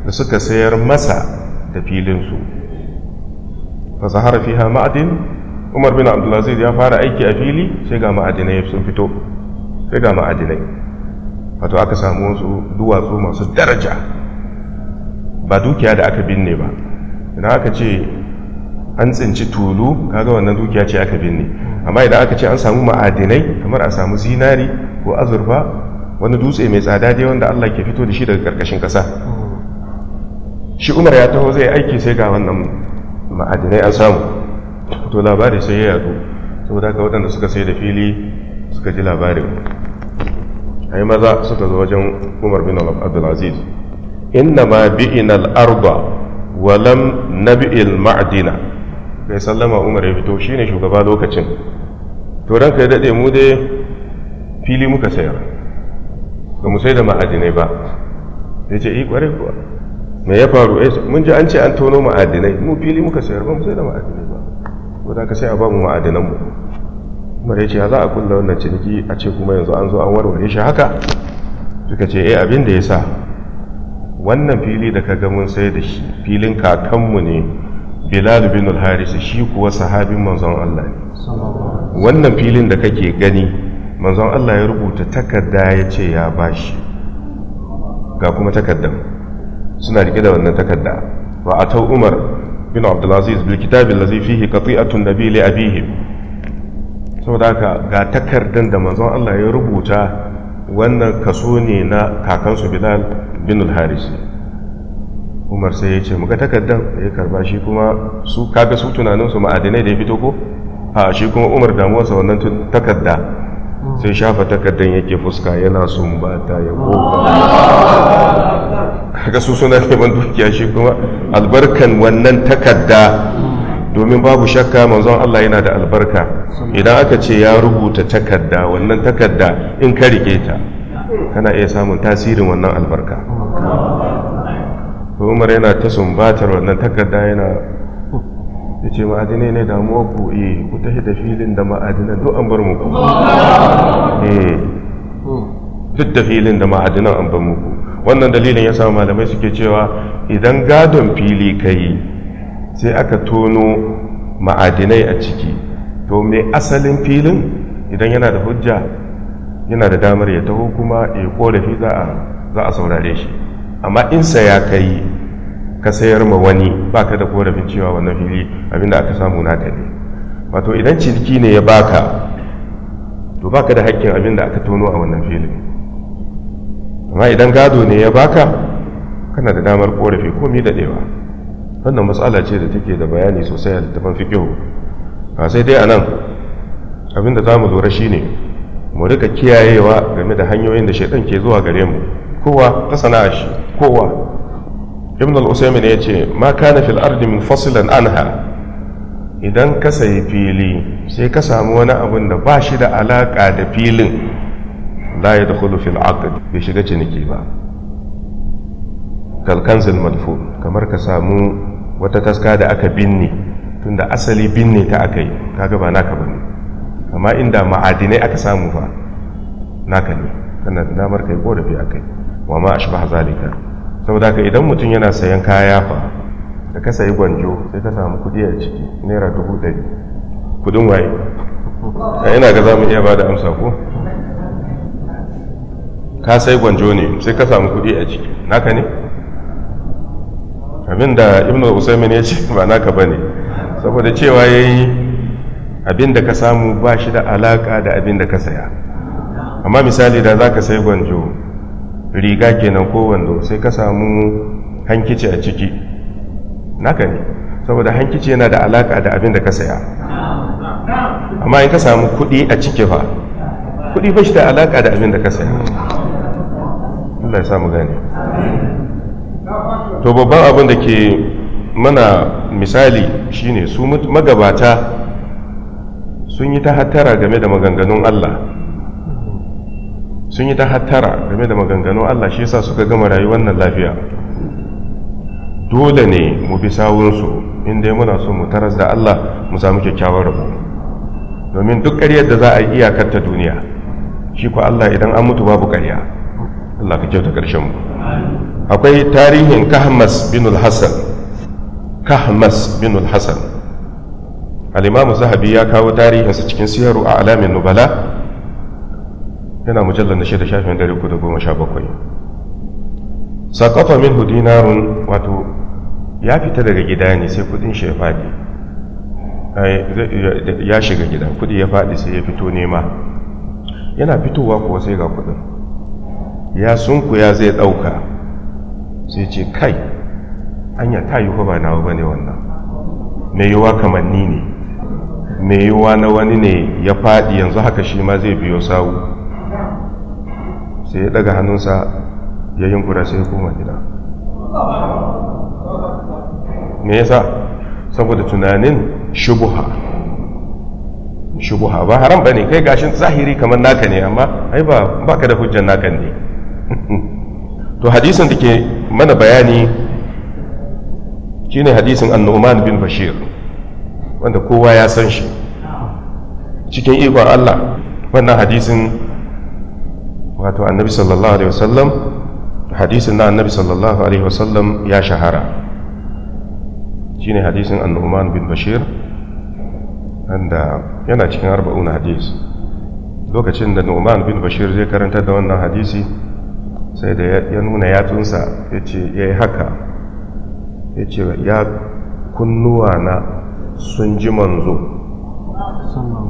da suka sayar masa da filinsu su harafi fiha ma'adin umar bin abdulaziz ya fara aiki a fili sai ga ma'adinai sun fito sai ga ma'adinai wato aka samu wasu duwatsu masu daraja ba dukiya da aka binne ba idan aka ce an tsinci tulu kaga wannan dukiya ce aka binne amma idan aka ce an samu ma'adinai kamar a samu zinari ko azurfa wani dutse mai tsada dai wanda Allah ke fito da shi daga karkashin kasa shi umar ya taho zai aiki sai ga wannan ma'adinai an samu to labari sai ya yadu saboda ga waɗanda suka sai da fili suka ji labarin ai maza suka zo wajen umar bin abdulaziz inna ma bi'inal arda walam nabi'il ma'adina kai sallama umar ya fito shine shugaba lokacin to ranka ya daɗe mu dai fili muka sayar ba mu sai da ma'adinai ba ya ce yi eh, ƙware kuwa me ya faru mun ji an ce an tono ma'adinai mu fili muka sayar ba mu sai da ma'adinai ba ko da ka sai a ba mu ma'adinan mu umar ya ce za a kulla wannan ciniki a ce kuma yanzu an zo an warware shi haka suka ce eh abin da ya sa wannan fili da kaga mun sai da shi filin kakanmu ne bilal bin al-haris shi kuwa sahabin manzon Allah ne wannan filin da kake gani manzon Allah ya rubuta takarda ya ce ya bashi ga kuma takardar suna rike da wannan takarda wa atau umar bin abdulaziz bil kitab allazi fihi qati'atun nabi li abihim saboda haka ga takardan da manzon Allah ya rubuta wannan kaso ne na kakansu bilal bin al-haris umar sai ya ce muka takardar ya karba shi kuma su kaga su tunaninsu ma'adinai da ya fito ko a shi kuma umar damuwarsa wannan takarda sai shafa takardar yake fuska yana sumbata ya kofa haka su suna neman dukiya shi kuma albarkan wannan takarda domin babu shakka manzon Allah yana da albarka idan aka ce ya rubuta takarda wannan takarda in ka rike ta kana iya samun tasirin wannan albarka umar yana ta sumbatar wannan takarda yana ya ce ma'adinai ne damuwa ku eh ku tafi da filin da ma'adinan duk an bar muku. Eh, duk da filin da ma'adinan an bar muku. wannan dalilin ya sa malamai suke cewa idan gadon fili ka yi sai aka tono ma'adinai a ciki to mai asalin filin idan yana da hujja yana da damar ya taho kuma ya korafi za a saurare shi amma in saya ka yi ka sayar ma wani ba ka da korafin cewa wannan fili abinda aka samu naka ne wato idan ciki ne ya baka to baka da haƙƙin abinda aka tono a wannan fili. amma idan gado ne ya baka kana da damar korafi komi dewa wannan matsala ce da take da bayani sosai a littafin fikihu ba sai dai a nan abinda za mu lura shi ne mu rika kiyayewa game da hanyoyin da shaidan ke zuwa gare mu kowa ta sana'a shi kowa ibn al-usaymin ya ce ma kana fil ardi munfasilan anha idan ka sayi fili sai ka samu wani abin da ba shi da alaka da filin la ya da fil aqd bai shiga ciniki ba kalkanzil madfu kamar ka samu wata taska da aka binne tunda asali binne ta aka yi kaga ba naka bane amma inda ma'adinai aka samu fa naka ne kana da damar kai korafi akai wa ma ashbaha zalika saboda ka idan mutum yana sayan kaya fa da ka sayi gwanjo sai ka samu kudi a ciki naira dubu ɗari kudin waye eh, ina ga za mu iya ba da amsa ko ka sai gwanjo ne sai ka samu kudi a ciki naka ne abinda ibn usaimin ya ce ba naka ba ne saboda cewa ya yi abinda ka samu ba shi da alaka da abinda ka saya amma misali da za ka sai gwanjo riga kenan ko wando sai ka samu hankici a ciki naka ne saboda hankici yana da alaka da abin da ka saya amma in ka samu kuɗi a ciki fa kuɗi ba shi da alaka da abin da ka saya Allah ya samu gane to babban abin da ke mana misali shine su magabata sun yi ta hattara game da maganganun Allah sun yi ta hattara game da maganganu Allah shi yasa suka gama rayuwar nan lafiya dole ne mu bi sawunsu inda muna so mu taras da Allah mu samu kyakkyawar rabo domin duk ƙaryar da za a yi iyakar ta duniya shi ko Allah idan an mutu babu ƙarya Allah ka kyauta ƙarshen mu akwai tarihin Kahmas bin Hassan. Alimamu Kahmas bin al Zahabi ya kawo tarihinsa cikin siyaru a alamin nubala yana mujallar na shida shafin ɗari uku da goma sha bakwai sakafa min dinarun wato ya fita daga gida ne sai kudin shi ya faɗi ya shiga gida kudi ya faɗi sai ya fito nema yana fitowa kuwa sai ga kudin ya sunkuya zai ɗauka sai ce kai anya ta yi ba na ba ne wannan mai yiwuwa kamanni ne mai yiwuwa na wani ne ya faɗi yanzu haka shi ma zai biyo sawu sai ya daga hannunsa ya kura sai ya koma gida me yasa saboda tunanin shubuha shubuha ba haram bane kai gashin zahiri kamar naka ne amma ai ba baka da hujjan naka ne [laughs] to hadisin da ke mana bayani shine hadisin annu'man bin bashir wanda kowa ya san shi cikin ikon Allah wannan hadisin wato annabi sallallahu alaihi wasallam hadisin na annabi sallallahu alaihi wasallam ya shahara shine hadisin annuman bin bashir wanda yana cikin arba'una hadis lokacin da numan bin bashir zai karanta da wannan hadisi sai da ya nuna yatsunsa ya ce ya yi haka ya ce ya kunnuwa na sun ji manzo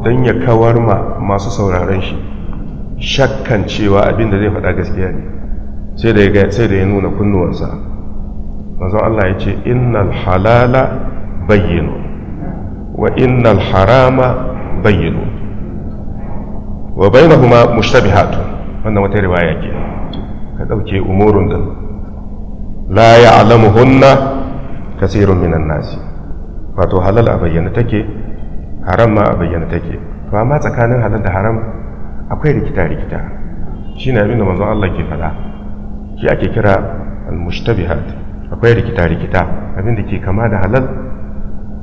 don ya kawar ma masu sauraren shi shakkan cewa abin da zai faɗa gaskiya ne sai da ya nuna kunnuwansa mazan Allah ya ce innal halala bayyano wa innal harama bayyano wa bayyana kuma hatu wannan wata riwaya ke ka ɗauke umurun da la ya alamu hunna kasirun minan nasi wato halal a bayyana take haram ma a bayyana take to amma tsakanin halal da haram akwai rikita rikita shi ne abinda manzon Allah ke faɗa shi ake kira al-mushtabihat akwai rikita rikita abinda ke kama da halal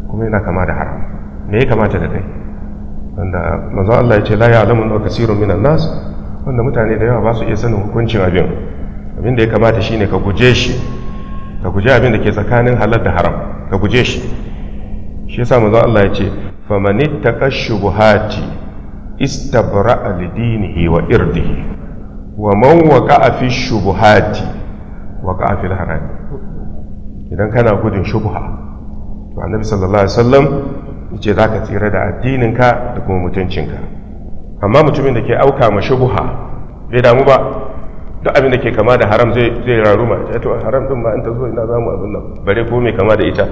kuma yana kama da haram me ya kamata da kai wanda manzon Allah ya ce la alamun wa kaseerun minan nas wanda mutane da yawa ba su iya sanin hukuncin abin abinda ya kamata shi ne ka guje shi ka guje abinda ke tsakanin halal da haram ka guje shi shi ya sa manzon Allah ya ce buhati. istabra'a lidinihi wa irdihi wa man waqa'a fi shubuhati waqa'a fil haram idan kana gudun shubha to annabi sallallahu alaihi wasallam yace zaka tsira da addininka da kuma mutuncinka amma mutumin da ke auka ma bai damu ba duk abin da ke kama da haram zai zai raruma ya to haram din ma in ta zo ina zamu abin nan bare ko mai kama da ita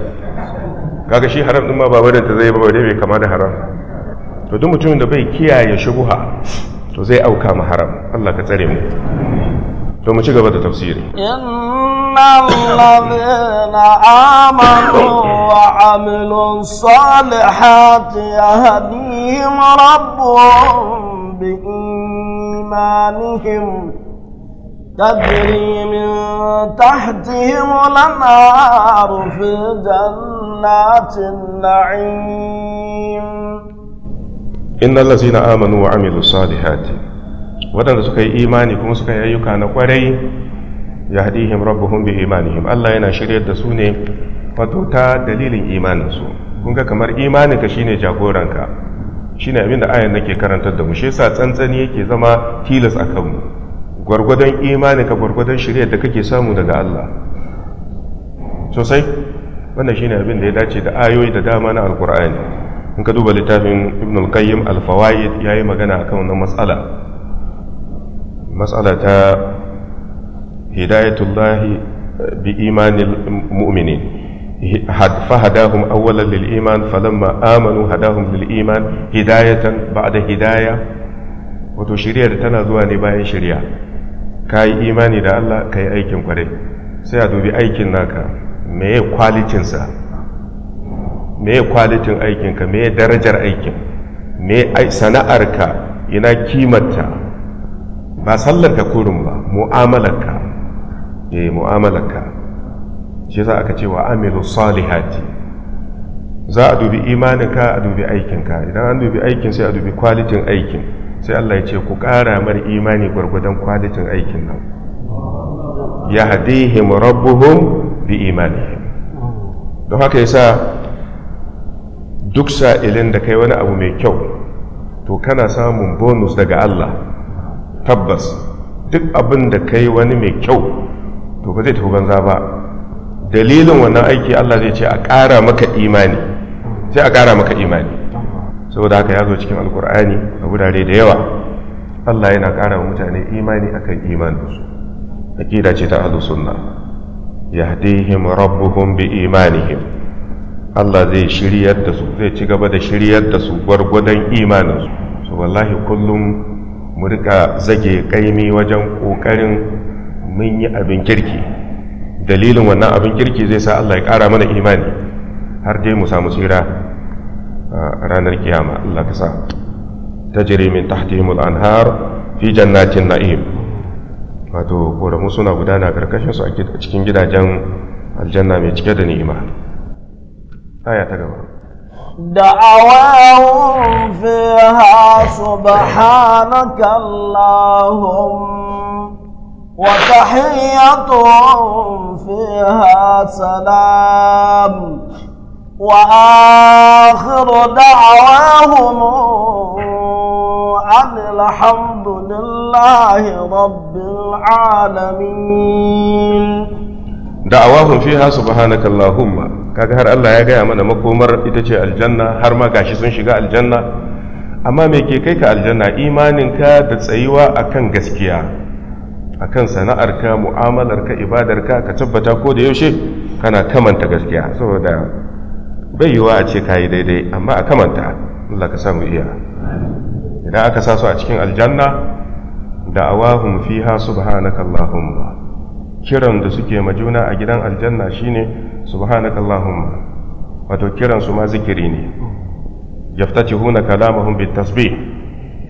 kaga shi haram din ma ba barin ta zai ba bare mai kama da haram to duk mutumin da bai kiyaye shubuha to zai auka ma haram Allah ka tsare mu to mu ci gaba da tafsiri innal ladina amanu wa amilu salihati yahdihim rabbuhum bi imanihim تجري من تحتهم لنار في جنات النعيم innal ladzina amanu wa amilus salihati Waɗanda suka yi imani kuma suka yi ayyuka na kwarai yahdihim rabbuhum bi imanihim Allah yana shiryar da su ne wato ta dalilin imaninsu kun ga kamar imaninka shine jagoranka shine abin da ayan nake karantar da mu shi yasa tsantsani yake zama tilas a kanmu gwargwadon imaninka gwargwadon shiryar da kake samu daga Allah sosai wannan shine abin da ya dace da ayoyi da dama na alkur'ani in ka duba littafin ibn al-qayyim al-fawaid yayi magana akan wannan matsala matsala ta hidayatullahi eh, bi imanil mu'minin فهداهم أولا للإيمان Amanu, hadahum lil iman hidayatan ba'da hidaya wato shiriyar tana zuwa ne bayan shari'a ka yi imani da Allah ka yi aikin kware sai a dubi aikin naka meye kwalitinsa me kwalitin aikinka me darajar aikin me sana'arka ina kimarta ba sallarka kurin ba mu'amalarka eh mu'amalarka shi za aka ce wa amilu salihati za a dubi imaninka a dubi aikinka idan an dubi aikin sai a dubi kwalitin aikin sai Allah ya ce ku ƙara mar imani gwargwadon kwalitin aikin nan ya hadihim rabbuhum bi imanihim don haka yasa duk sa'ilin da kai wani abu mai kyau to kana samun bonus daga Allah tabbas duk abin da kai wani mai kyau to ba zai tafi banza ba dalilin wannan aiki Allah zai ce a ƙara maka imani sai a ƙara maka imani saboda haka ya zo cikin alkur'ani a wurare da yawa Allah yana ƙara wa mutane imani akan imaninsu aƙida ce ta al'usunna. ya sunna him rabbuhun bi imanihim Allah zai shiryar da su zai ci gaba da shiryar da su gwargwadon imaninsu su wallahi kullum mu rika zage kaimi wajen kokarin mun yi abin kirki dalilin wannan abin kirki zai sa Allah ya ƙara mana imani har dai mu samu tsira ranar kiyama Allah ka sa tajri min tahtihimul anhar fi jannatin na'im wato koramu suna gudana karkashin a cikin gidajen aljanna mai cike da ni'ima آية تقبل دعواهم فيها سبحانك اللهم وتحيتهم فيها سلام وآخر دعواهم أن الحمد لله رب العالمين da'awahum fiha subhanaka allahumma kaga har Allah ya gaya mana makomar ita ce aljanna har ma gashi sun shiga aljanna amma me ke kai ka aljanna imaninka da tsayuwa akan gaskiya akan sana'arka mu'amalarka ibadarka ka tabbata ko da yaushe kana kamanta gaskiya saboda bai yiwa a ce kayi daidai amma a kamanta Allah ka samu iya idan aka sa su a cikin aljanna da'awahum fiha subhanaka allahumma kiran da suke ma juna a gidan aljanna shine subhanakallahumma wato kiran su ma zikiri ne yaftatihuna kalamahum bitasbih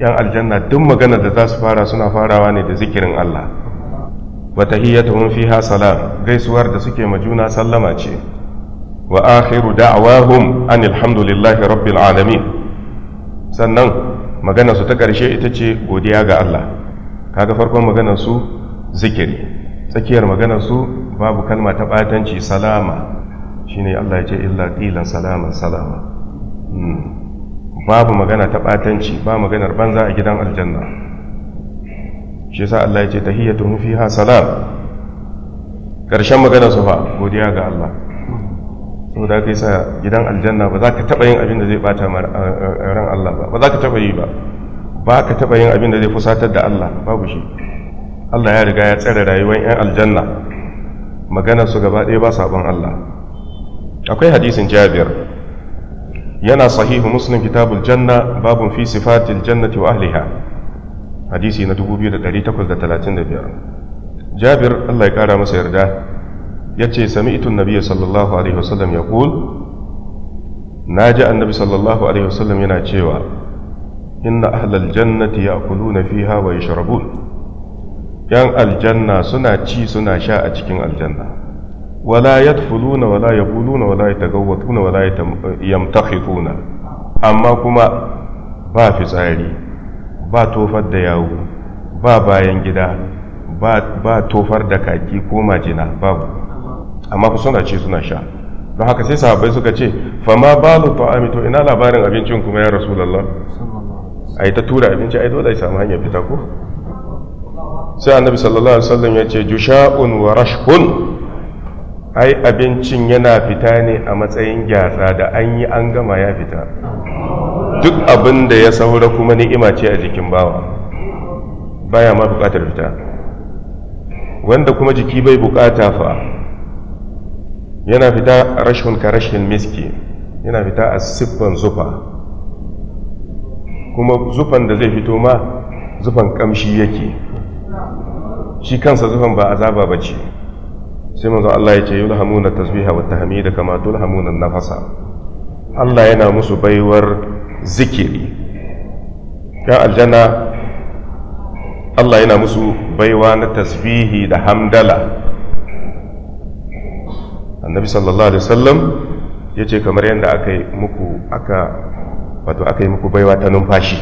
yan aljanna duk magana da za su fara suna farawa ne da zikirin Allah wa tahiyyatuhum fiha salam gaisuwar da suke ma juna sallama ce wa akhiru da'awahum anilhamdulillahi hamdulillahi rabbil alamin sannan magana su ta ƙarshe ita ce godiya ga Allah kaga farkon magana su zikiri tsakiyar maganarsu su babu kalma ta batanci salama shine Allah ya ce illa qilan salaman salama hmm. babu magana ta batanci ba maganar banza a gidan aljanna shi yasa Allah ya ce tahiyyatuhum fiha salam karshen maganarsu su fa godiya ga Allah saboda kai sa gidan aljanna ba za ka taɓa yin abin da zai a ran Allah ba ba za ka taɓa yi ba ba ka taɓa yin abin da zai fusatar da Allah babu shi Allah ya riga ya tsare rayuwar 'yan aljanna Magana su gaba ɗaya ba saɓon Allah akwai hadisin jabir yana sahihu muslim kitabul janna babun fi sifatil jannati wa ahliha hadisi na 2835 jabir Allah ya ƙara masa yarda ya ce sami sami'itun nabiya sallallahu alaihi wasallam ya ƙul na ji annabi sallallahu alaihi wasallam yana cewa inna ahlal jannati ya kuluna fiha wa yashrabun yan aljanna suna ci suna sha a cikin aljanna wala yadkhuluna wala yaquluna wala yatagawwatuna wala yamtakhithuna amma kuma ba fitsari ba tofar da yawo ba bayan gida ba tofar da kaki ko majina babu amma ku suna ci suna sha don haka sai sahabbai suka ce fama balu to amito ina labarin abincin kuma ya rasulullah ai ta tura abinci ai dole ya samu hanyar fita ko sai annabi sallallahu alaihi wasallam ya ce jusha'un wa rashkun ai abincin yana fita ne a matsayin gyatsa da an yi an gama ya fita duk abin da ya saura kuma ni'ima ce a jikin bawa baya ma bukatar fita wanda kuma jiki bai bukata fa yana fita rashin ka rashin miski yana fita a siffan zufa kuma zufan da zai fito ma zufan kamshi yake shi kansa zufan ba azaba ba ce sai manzon Allah ya ce yulhamuna tasbiha wa tahmida kama tulhamuna nafasa Allah yana musu baiwar zikiri ya aljanna Allah yana musu baiwa na tasbihi da hamdala annabi sallallahu alaihi wasallam ya ce kamar yadda aka yi muku aka wato aka yi muku baiwa ta numfashi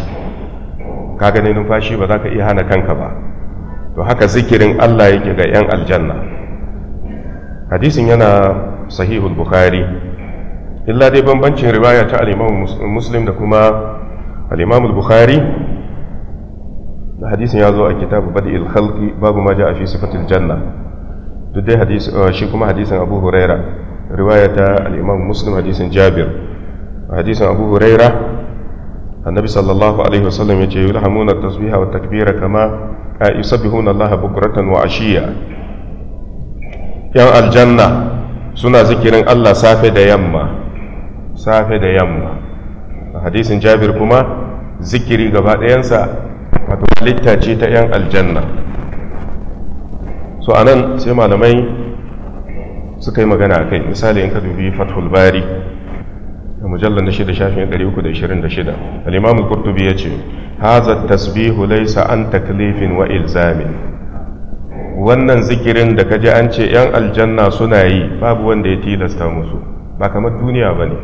ka gani numfashi ba za ka iya hana kanka ba to haka zikirin Allah yake ga 'yan aljanna hadisin yana sahihul bukhari illa dai bambancin riwaya ta al'imamu muslim da kuma al'imamu bukhari da hadisin ya zo a kitabu badi'il khalqi babu ma a fi sifatil janna duk dai hadis uh, shi kuma hadisin abu huraira riwaya ta al'imamu muslim hadisin jabir hadisin abu huraira annabi sallallahu alaihi wasallam ya ce yulhamuna tasbiha wa takbira kama yusabbihuna Allah bukratan wa ashiya yan aljanna suna zikirin Allah safe da yamma safe da yamma a hadisin Jabir kuma zikiri gaba ɗayansa wato halitta ce ta yan aljanna so anan sai malamai suka yi magana a kai misali in ka dubi fathul bari mujallar na shida shafin uku da da shida al'imamun kurtubi ya ce haza tasbihu laisa an taklifin wa ilzamin wannan zikirin da kaji an ce 'yan aljanna suna yi babu wanda ya tilasta musu ba kamar duniya ba ne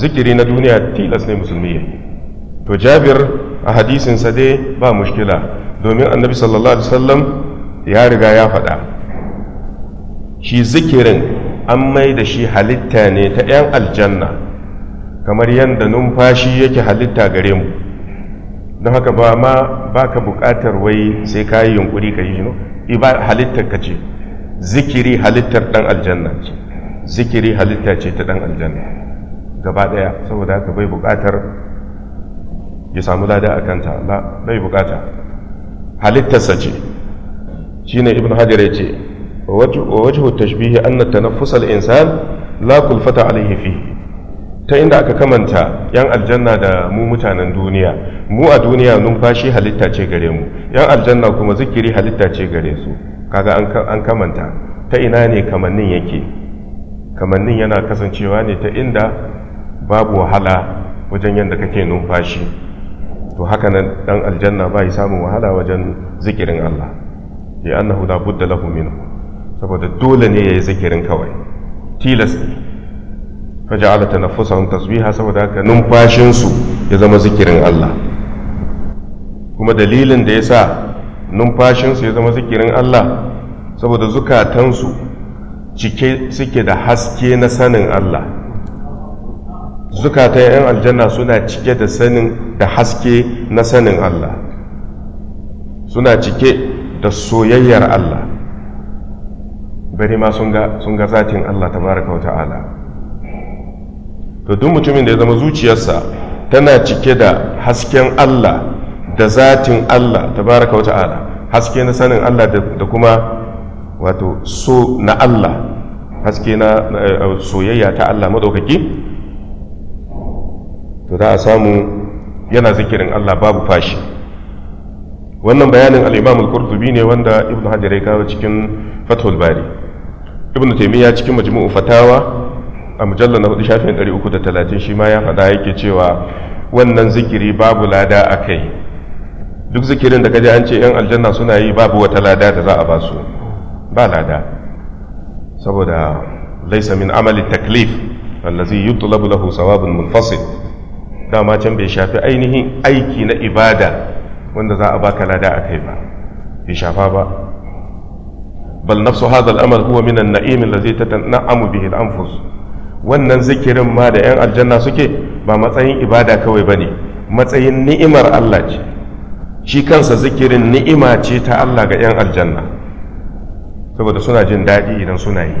zikiri na duniya tilas ne musulmi ya to jabir a hadisinsa dai ba mushkila domin annabi sallallahu alaihi wasallam ya riga ya faɗa shi zikirin an mai da shi halitta ne ta 'yan aljanna kamar yadda numfashi yake halitta gare mu don haka ba ma ba ka buƙatar wai sai ka yi yunƙuri ka yi shino iba halittar ka ce zikiri halittar ɗan aljanna ce zikiri halitta ce ta ɗan aljanna gaba ɗaya saboda haka bai buƙatar ya samu lada a kanta bai buƙata halittarsa ce Shi ne ibn hajar ya ce wa wajhu tashbihi anna na al-insan la kulfata alayhi fihi ta inda aka kamanta yan aljanna da mu mutanen duniya mu a duniya numfashi halitta ce gare mu yan aljanna kuma zikiri halitta ce gare su kaga an kamanta ta ina ne kamannin yake kamannin yana kasancewa ne ta inda babu wahala wajen yadda kake numfashi to haka nan dan aljanna bai samun wahala wajen zikirin Allah ya annahu la budda lahu minhu saboda dole ne yayi zikirin kawai tilas ne faja'ala tanaffusahum tasbiha saboda haka numfashin su ya zama zikirin Allah kuma dalilin da yasa numfashin su ya zama zikirin Allah saboda zukatansu cike suke da haske na sanin Allah zukatan 'yan aljanna suna cike da sanin da haske na sanin Allah suna cike da soyayyar Allah bari ma sun ga zatin Allah tabaraka wa ta'ala to duk mutumin da ya zama zuciyarsa tana cike da hasken Allah da zatin Allah tabaraka wa ta'ala haske na sanin Allah da kuma wato so na Allah haske na eh, eh, soyayya ta Allah madaukaki to za a samu yana zikirin Allah babu fashi wannan bayanin al-Imam ne wanda Ibn Hajar ya kawo cikin Fathul Bari Ibn Taymiyyah cikin Majmu'u Fatawa a mujallar na hudu shafin ɗari uku da talatin, shi ma ya faɗa yake cewa wannan zikiri babu lada a kai duk zikirin da kaji an ce 'yan aljanna suna yi babu wata lada da za a ba su ba lada saboda laisa min amali taklif allazi yutlabu lahu sawabun munfasil dama can bai shafi ainihin aiki na ibada wanda za a baka lada a kai ba bai shafa ba bal nafsu hadha al-amal huwa min an-na'im allazi tatan'amu bihi al-anfus wannan zikirin ma da 'yan aljanna suke ba matsayin ibada kawai ba ne matsayin ni'imar Allah ce shi kansa zikirin ni'ima ce ta Allah ga 'yan aljanna saboda suna jin daɗi idan suna yi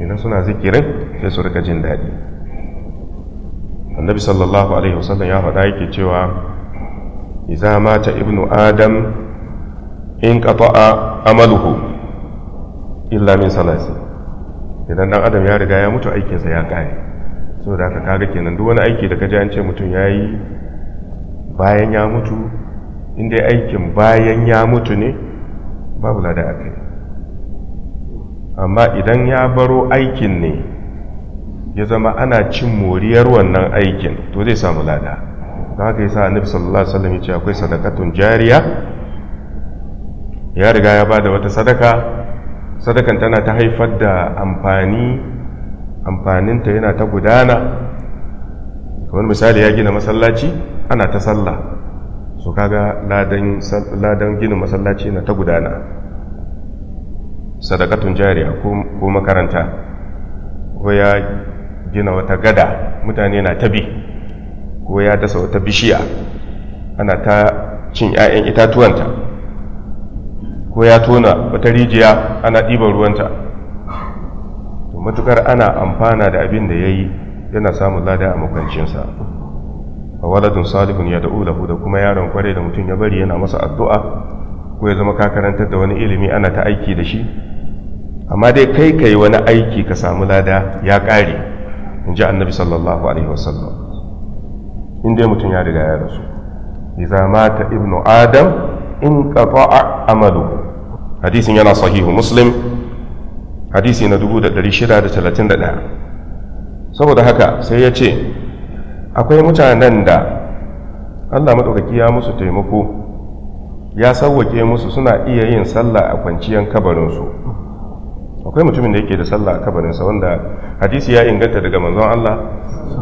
idan suna zikirin sai su rika jin daɗi annabi sallallahu alaihi wasallam ya faɗa yake cewa iza mata ibnu adam in qata'a amaluhu illa min salasi idan dan adam ya riga ya mutu aikinsa ya kare da haka kaga kenan duk wani aiki da ka ji an ce mutum ya yi bayan ya mutu inda aikin bayan ya mutu ne babu lada a kai amma idan ya baro aikin ne ya zama ana cin moriyar wannan aikin to zai samu lada da haka yasa annabi sallallahu alaihi wasallam ya ce akwai sadakatun jariya ya riga ya bada wata sadaka sadakan tana ta haifar da amfani amfaninta yana ta gudana kamar misali ya gina masallaci ana ta sallah su kaga ladan gina masallaci na ta gudana sadakatun jariya ko makaranta ko ya gina wata gada mutane na tabi ko ya dasa wata bishiya ana ta cin 'ya'yan itatuwanta ko ya tona wata rijiya ana ɗiban ruwanta to matukar ana amfana da abin da ya yi yana samun lada a makwancinsa a waladun salihun ya da'u da da kuma yaron kwarai da mutum ya bari yana masa addu'a ko ya zama ka karantar da wani ilimi ana ta aiki da shi amma dai kai kai wani aiki ka samu lada ya kare in ji annabi sallallahu alaihi wasallam in dai mutum ya riga ya rasu iza mata ibnu adam in qata'a amaluhu hadisin yana sahihu muslim hadisi na 631 saboda haka sai ya ce akwai mutanen da allah maɗaukaki ya musu taimako ya sauwake musu suna iya yin sallah a kwanciyar kabarinsu akwai mutumin da yake da sallah a kabarinsa wanda hadisi ya inganta daga manzon allah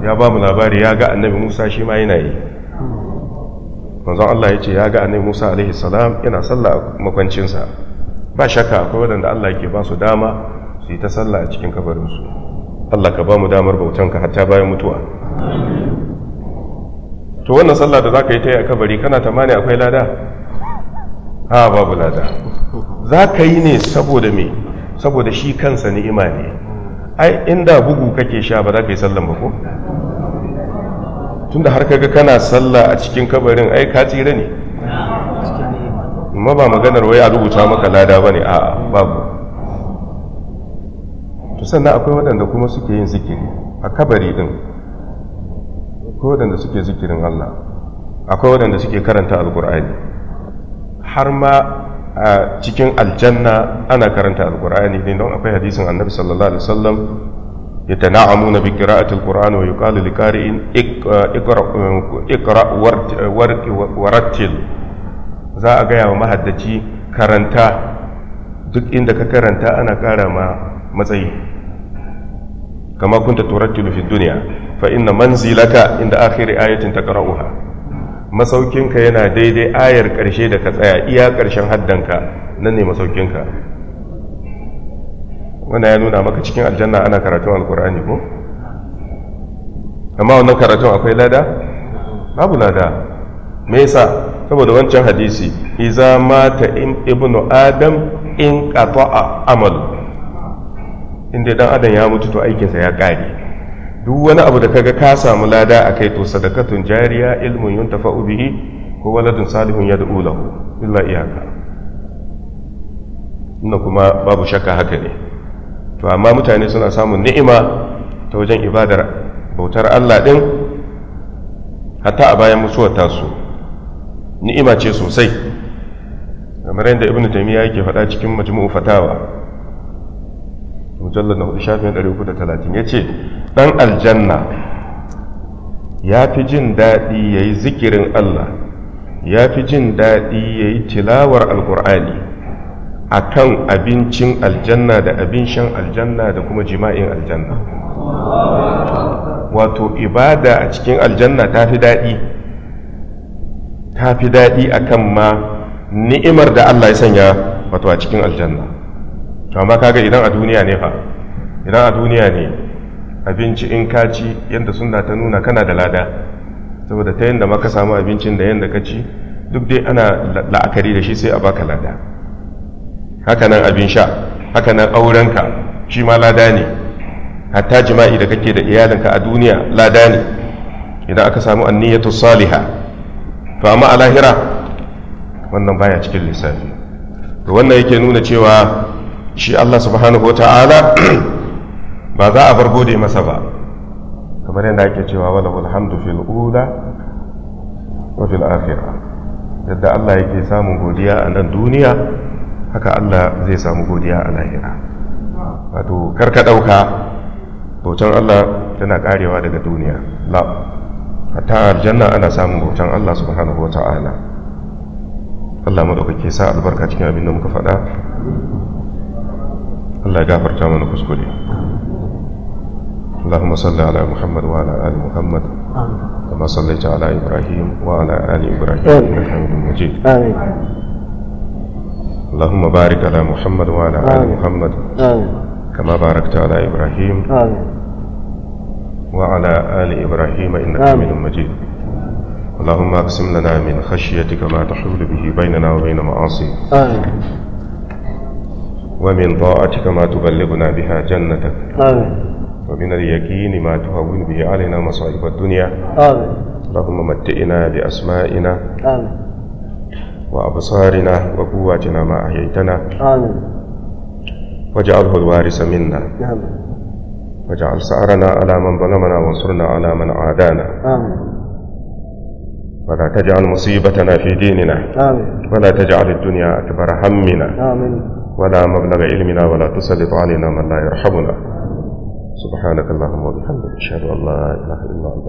ya ba mu labari ya ga annabi musa shi ma yana yi manzon allah ya ce ya ga annabi musa alaihi salam yana sallah a makwancinsa ba shakka akwai waɗanda Allah ke ba su dama su yi ta sallah a cikin kabarinsu Allah ka ba mu damar ka hatta bayan mutuwa to wannan sallah da za ka yi ta yi a kabari kana tamani akwai lada ha babu lada za ka yi ne saboda me saboda shi kansa ni imani. ai inda bugu kake sha ba za ka yi sallan ba ko tunda har kaga kana sallah a cikin kabarin ai ka tsira ne kuma ba maganar wai a rubuta maka lada ba ne a babu to sannan akwai waɗanda kuma suke yin zikiri a kabari ɗin akwai waɗanda suke zikirin Allah akwai waɗanda suke karanta alkur'ani har ma a cikin aljanna ana karanta alkur'ani ne don akwai hadisin annabi sallallahu alaihi wasallam yatana'amuna bi qira'ati alqur'an wa yuqalu liqari'in iqra warattil za a gaya wa mahaddaci karanta duk inda ka karanta ana kara ma matsayi kama kunta turattilu fi duniya fa inna manzilaka inda akhiri ayatin taqra'uha masaukinka yana daidai ayar ƙarshe da ka tsaya iya ƙarshen haddanka nan ne masaukinka wannan ya nuna maka cikin aljanna ana karatun alkur'ani ko amma wannan karatun akwai lada babu lada me yasa saboda wancan hadisi iza mata ibnu adam in qata'a amalu inda dan adam ya mutu to aikinsa ya kare duk wani abu da kaga ka samu lada akai to sadakatun jariya ilmun yuntafa'u bihi ko waladun salihun yad'u lahu illa iyaka inna kuma babu shakka haka ne to amma mutane suna samun ni'ima ta wajen ibadar bautar Allah din hatta a bayan musuwar tasu ni'ima ce sosai kamar yadda ibn taymiya yake faɗa cikin majmu'u fatawa mujallar na hudu shafin 330 ya ce ɗan aljanna ya fi jin daɗi ya yi zikirin allah ya fi jin daɗi ya yi tilawar alƙur'ani a kan abincin aljanna da abin shan aljanna da kuma jima'in aljanna wato ibada a cikin aljanna ta fi daɗi ta fi daɗi a kan ma ni'imar da Allah ya sanya wato a cikin aljanna to amma kaga idan a duniya ne fa idan a duniya ne abinci in ka ci yadda suna ta nuna kana da lada saboda ta yadda maka samu abincin da yadda ka ci duk dai ana la'akari da shi sai a baka lada hakanan abin sha hakanan aurenka shi ma lada ne hatta jima'i da kake da iyalinka a duniya lada ne idan aka samu anniyatu salihah to amma a lahira wannan baya cikin lissafi to wannan yake nuna cewa shi Allah subhanahu wata'ala [clears throat] ba za a bar gode masa ba kamar yadda ake cewa wala alhamdu fil ula wa fil akhirah yadda Allah yake samun godiya a nan duniya haka Allah zai samu godiya a lahira wato karka ɗauka bautan Allah tana karewa daga duniya la ta aljanna ana samun bautan Allah subhanahu wa ta'ala Allah maɗaukake sa albarka cikin abin da muka faɗa Allah ya gafarta mana kuskure اللهم صل على محمد وعلى آل محمد آمين. كما صليت على إبراهيم وعلى آل إبراهيم إنك حميد مجيد آمين. اللهم بارك على محمد وعلى آل محمد آمين. كما باركت على إبراهيم آمين. وعلى آل إبراهيم إنك حميد مجيد اللهم أقسم لنا من خشيتك ما تحول به بيننا وبين معاصيك آمين ومن طاعتك ما تبلغنا بها جنتك آمين ومن اليقين ما تهون به علينا مصائب الدنيا آمين اللهم متئنا بأسمائنا آمين وأبصارنا وقواتنا ما أحييتنا آمين واجعله الوارث منا آمين واجعل سعرنا على من ظلمنا وانصرنا على من عادانا آمين ولا تجعل مصيبتنا في ديننا آمين ولا تجعل الدنيا أكبر همنا آمين ولا مبلغ علمنا ولا تسلط علينا من لا يرحمنا سبحانك اللهم وبحمدك أشهد أن لا إله إلا أنت